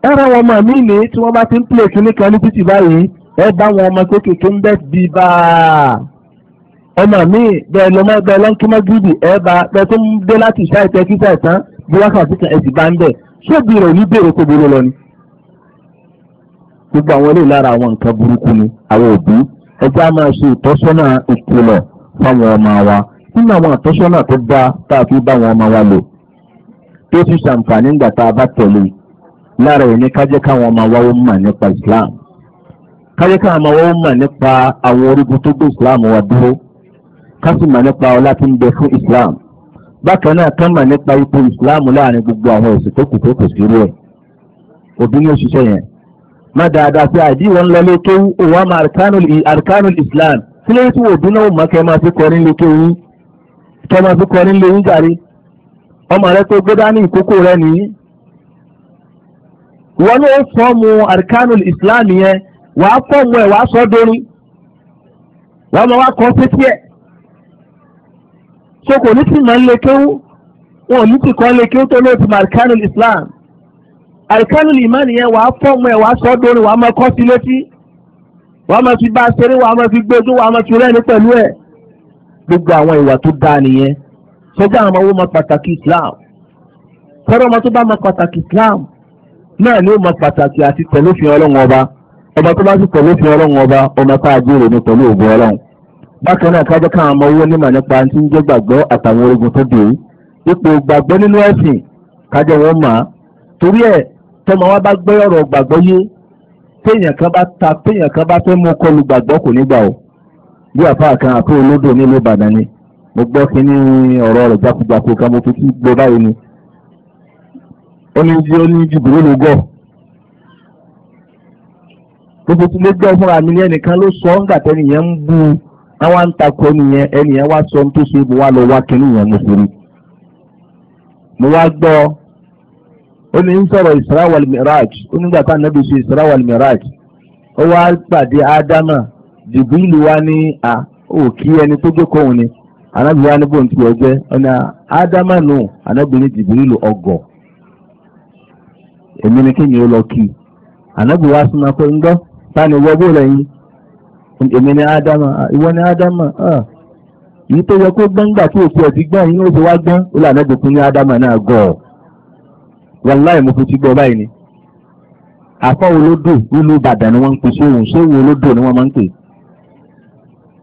ẹ̀rọ àwọn ọmọ mi ní tí wọ́n bá ti ń pè kíní kan ní títì báyìí ẹ bá wọn ọmọ kéékèèké ń bẹ́ bí bá ọmọ mi bẹ́ẹ̀ lọ́mọ bẹ́ẹ̀ lọ́n kí mọ́ gídì ẹ bá bẹ́ẹ̀ tó ń dé láti ìṣá kí gbogbo àwọn eléyìí lára àwọn nǹkan burúkú ni àwọn òbí ẹjẹ́ a máa ṣe ìtọ́sọ́nà ìkìlọ̀ fáwọn ọmọ wa nínú àwọn ìtọ́sọ́nà tó dáa tá a fi bá àwọn ọmọ wa lò tó sì ṣàǹfààní ìgbà tá a bá tẹ̀lé lára ẹ̀ ní kájẹ́ káwọn ọmọ wa ó mà nípa Islam kájẹ́ káwọn ọmọ wa ó mà nípa àwọn orígun tó gbé Islam wa dúró ká sì mà nípa ọlá tí ń bẹ fún Islam bákan náà ká mà nípa ipò Islam láàrin gbogbo àwọn ẹ̀sìn tó kù tó kù sí rẹ̀ òbí ní òṣìṣẹ́ yẹn má dáadáa sí àìdí wọn lọ lókè òwò àmà arkanul islam sílẹ̀ tí wò bí náà má kẹ́ máa fi kọrin lókè yín kẹ́ máa fi kọrin lóyún jàre ọmọ rẹ tó gbé dání ìkókó rẹ nìyí. wọn ló fọ́ọ̀mù arkanul islam yẹn wàá fọ́ọ̀mù ẹ̀ wàá sọ dorin wàá máa wá kọ́ sétí ẹ̀ so kò ní sì máa ń lè kéwú wọn ò ní sì kọ́ lè kéwú tó lóòtú arkanul islam. àríkánú ìmánì yẹn wàá fọ́ọ̀mù ẹ̀ wàá sọ dórí wàá máa kọ́ sí létí wàá máa fi bá a ṣeré wàá máa fi gbójú wàá máa fi rẹ́ni pẹ̀lú ẹ̀ gbogbo àwọn ìwà tó dáa nìyẹn sọjá àwọn owó pàtàkì Islam sọ́dọ̀ ọmọ tó bá máa pàtàkì Islam náà ni ó máa pàtàkì àti ọlọ́run ọba ọba ọmọ tá a jèrè ní pẹ̀lú ògùn ọlọ́run bákan náà kájọ́ káwọn ọmọ owó nímọ̀ nípa ti ń jẹ́ gbàgbọ́ àtàwọn tó tọmọ wa bá gbé ọ̀rọ̀ gbàgbọ́ yé téèyàn kan bá ta téèyàn kan bá fẹ́ mú kọlù gbàgbọ́ kò ní gbà o bí àfáà kan olódò ni mo gbọ́ kínní gbọ́ báyìí ni ó ní ó ní jìbìrì ló gbọ́ fúnra mi ní ẹnìkan ló sọ ń àwọn ẹnìyẹn wá sọ ohun tó ṣe mo wá lọ wá kínní yẹn mo fi ó ní ń sọ̀rọ̀ Isra wal Miraj ó nígbà tá ànábì ṣe Isra Miraj ó wá pàdé ádámà jìbìlì wá ní à ó kí ẹni tó jókòó òun ni ànábì wá ní bóun ti ọjẹ́ ọ̀nà ádámà nù ànábì ní jìbìlì ọgọ̀ èmi ni kéèyàn ó lọ kí súnmọ́ pé ńgọ́ lẹ́yìn èmi ni ádámà ìwọ ni ádámà èyí tó yẹ kó gbọ́ngbà wàláì mo fi ti gbọ́ báyìí ni àfọ́ olódò ìlú Ìbàdàn ni wọ́n ń pè sóhun olódò ni wọn máa ń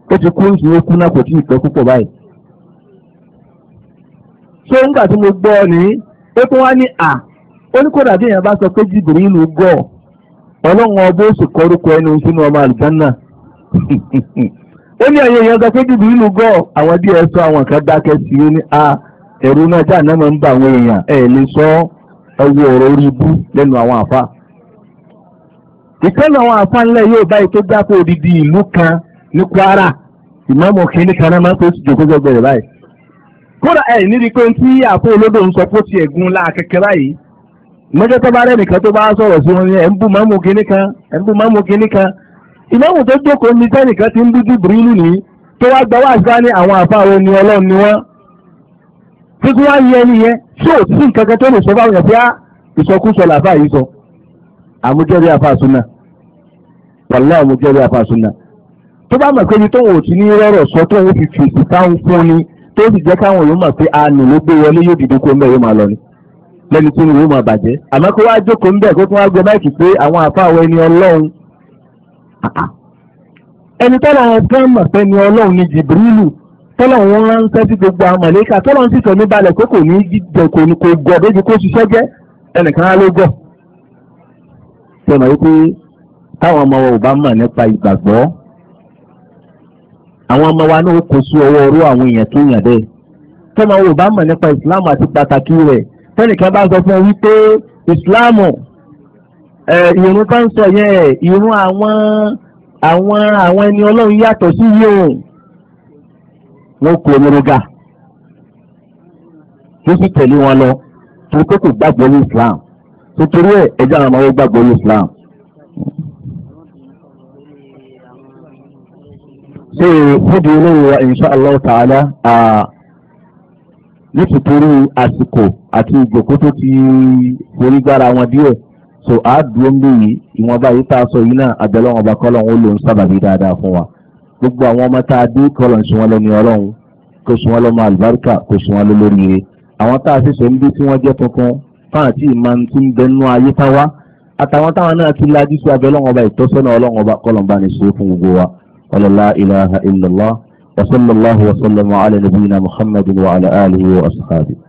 pè ti kú ìsìn ó kú náà kò tí so pẹ́ ti báyìí. ṣé nígbà tí mo ni a tún wá ní à ó bí sọ pé jìbìrì ìlú ọlọ́run ẹni ọmọ ó ní ẹ̀yẹ èèyàn sọ pé jìbìrì ìlú àwọn sọ àwọn kan dákẹ́ sí ní à náà máa ẹ ọrọ ọ̀rọ̀ orí ibú lẹ́nu àwọn àfa. ìkànnì àwọn àfa ńlẹ̀ yóò báyìí tó dáko odidi ìlú kan ní Kwara na kìíní kan náà máa ń tó ti jòkó jọ báyìí. kódà ẹ̀ níbi pé tí olódò ń sọ la báyìí mọ́jọ́ tó bá rẹ̀ nìkan tó bá sọ̀rọ̀ sí wọn ẹ̀ ń bú kan ẹ̀ ti ń nìyí tó wá gbọ́ wá sí títí wá yẹ ẹni yẹn tí ò sí nǹkan kan tó lè sọ báwọn yẹn fi á ah, ìsọkúsọ làbá yìí sọ àmújẹ́rí àfàsúnà wàlẹ́ àmújẹ́rí àfàsúnà tó bá mọ̀ pé ibi tóun ò ti ní rọ̀rọ̀ sọ tóun fi fèsì táwọn fún ni tó sì jẹ́ káwọn èèyàn mọ̀ pé àánú ah, ló gbé wọlé yóò dìde kó mẹ́rin máa lọ ni lẹ́ni tí wọn máa bàjẹ́ àmọ́ kó wáá jókòó ń bẹ̀ kó tún wáá gbé máìkì pé àwọn àfáwọn ẹni ọlọ́run ẹni tọ́lá ẹ̀ fẹ́ mọ̀ pé ẹni ọlọ́run ni tọ́lọ̀ wọn ránṣẹ́ sí gbogbo àmọ̀lẹ́kà tọ́lọ̀ ń sìtọ̀ níbalẹ̀ pé kò ní jíjẹ kò ní kò gọ̀ débi kó ṣiṣẹ́ jẹ́ ẹnìkan á ló gọ̀. sọ̀nà wípé táwọn ọmọ wa ò bá mọ̀ nípa ìgbàgbọ́ àwọn ọmọ wa náà kò sí ọwọ́ orú àwọn èèyàn tó yàn dẹ́ tọ́mọ wa ò bá mọ̀ nípa ìsìláàmù àti pàtàkì rẹ̀ tẹ́nìkan bá sọ fún wípé ìsìláàmù ìrún tó ń sọ yẹn ìrún àwọn àwọn àwọn ẹni ọlọ́run yàtọ̀ sí yìí òun wọ́n kú onírúgà yóò sì tẹ̀lé wọn lọ torí pé kò gbàgbọ́ ní Islam nítorí ẹ̀ ẹ̀jẹ̀ àwọn ọmọ gbàgbọ́ ní Islam. ṣé fúdi olówó insha Allah ta'ala nítorí àsìkò àti ìjòkó tó ti forí gbára wọn díẹ̀ so àádùn ń bè ìwọ̀nba yìí tá a sọ yìí náà àbẹ̀lẹ̀ wọn bá kọ́ lọ́wọ́ ó lòún sábàbí dáadáa fún wa gbogbo àwọn ọmọ tá a dé kọlọ̀ sùn wọn lọ́mọ ọlọ́run kò sùn wọn lọ́mọ àlùbáríkà kò sùn wọn lólórí rẹ̀ àwọn tá a sì sọ níbi tí wọ́n jẹ́ tuntun fáwọn tí ìmọ̀ ti ń bẹnu ayé tá wá àtàwọn táwọn náà ti lajú sí abẹ́ ọlọ́run ọba ìtọ́sọ́nà ọlọ́run ọba kọlọ̀mbá ni ṣe fún gbogbo wa ọlọ́lá ilaha illallah wa sallallahu wa sallam ala nabiyina muhammadin wa ala alihi wa ashabihi.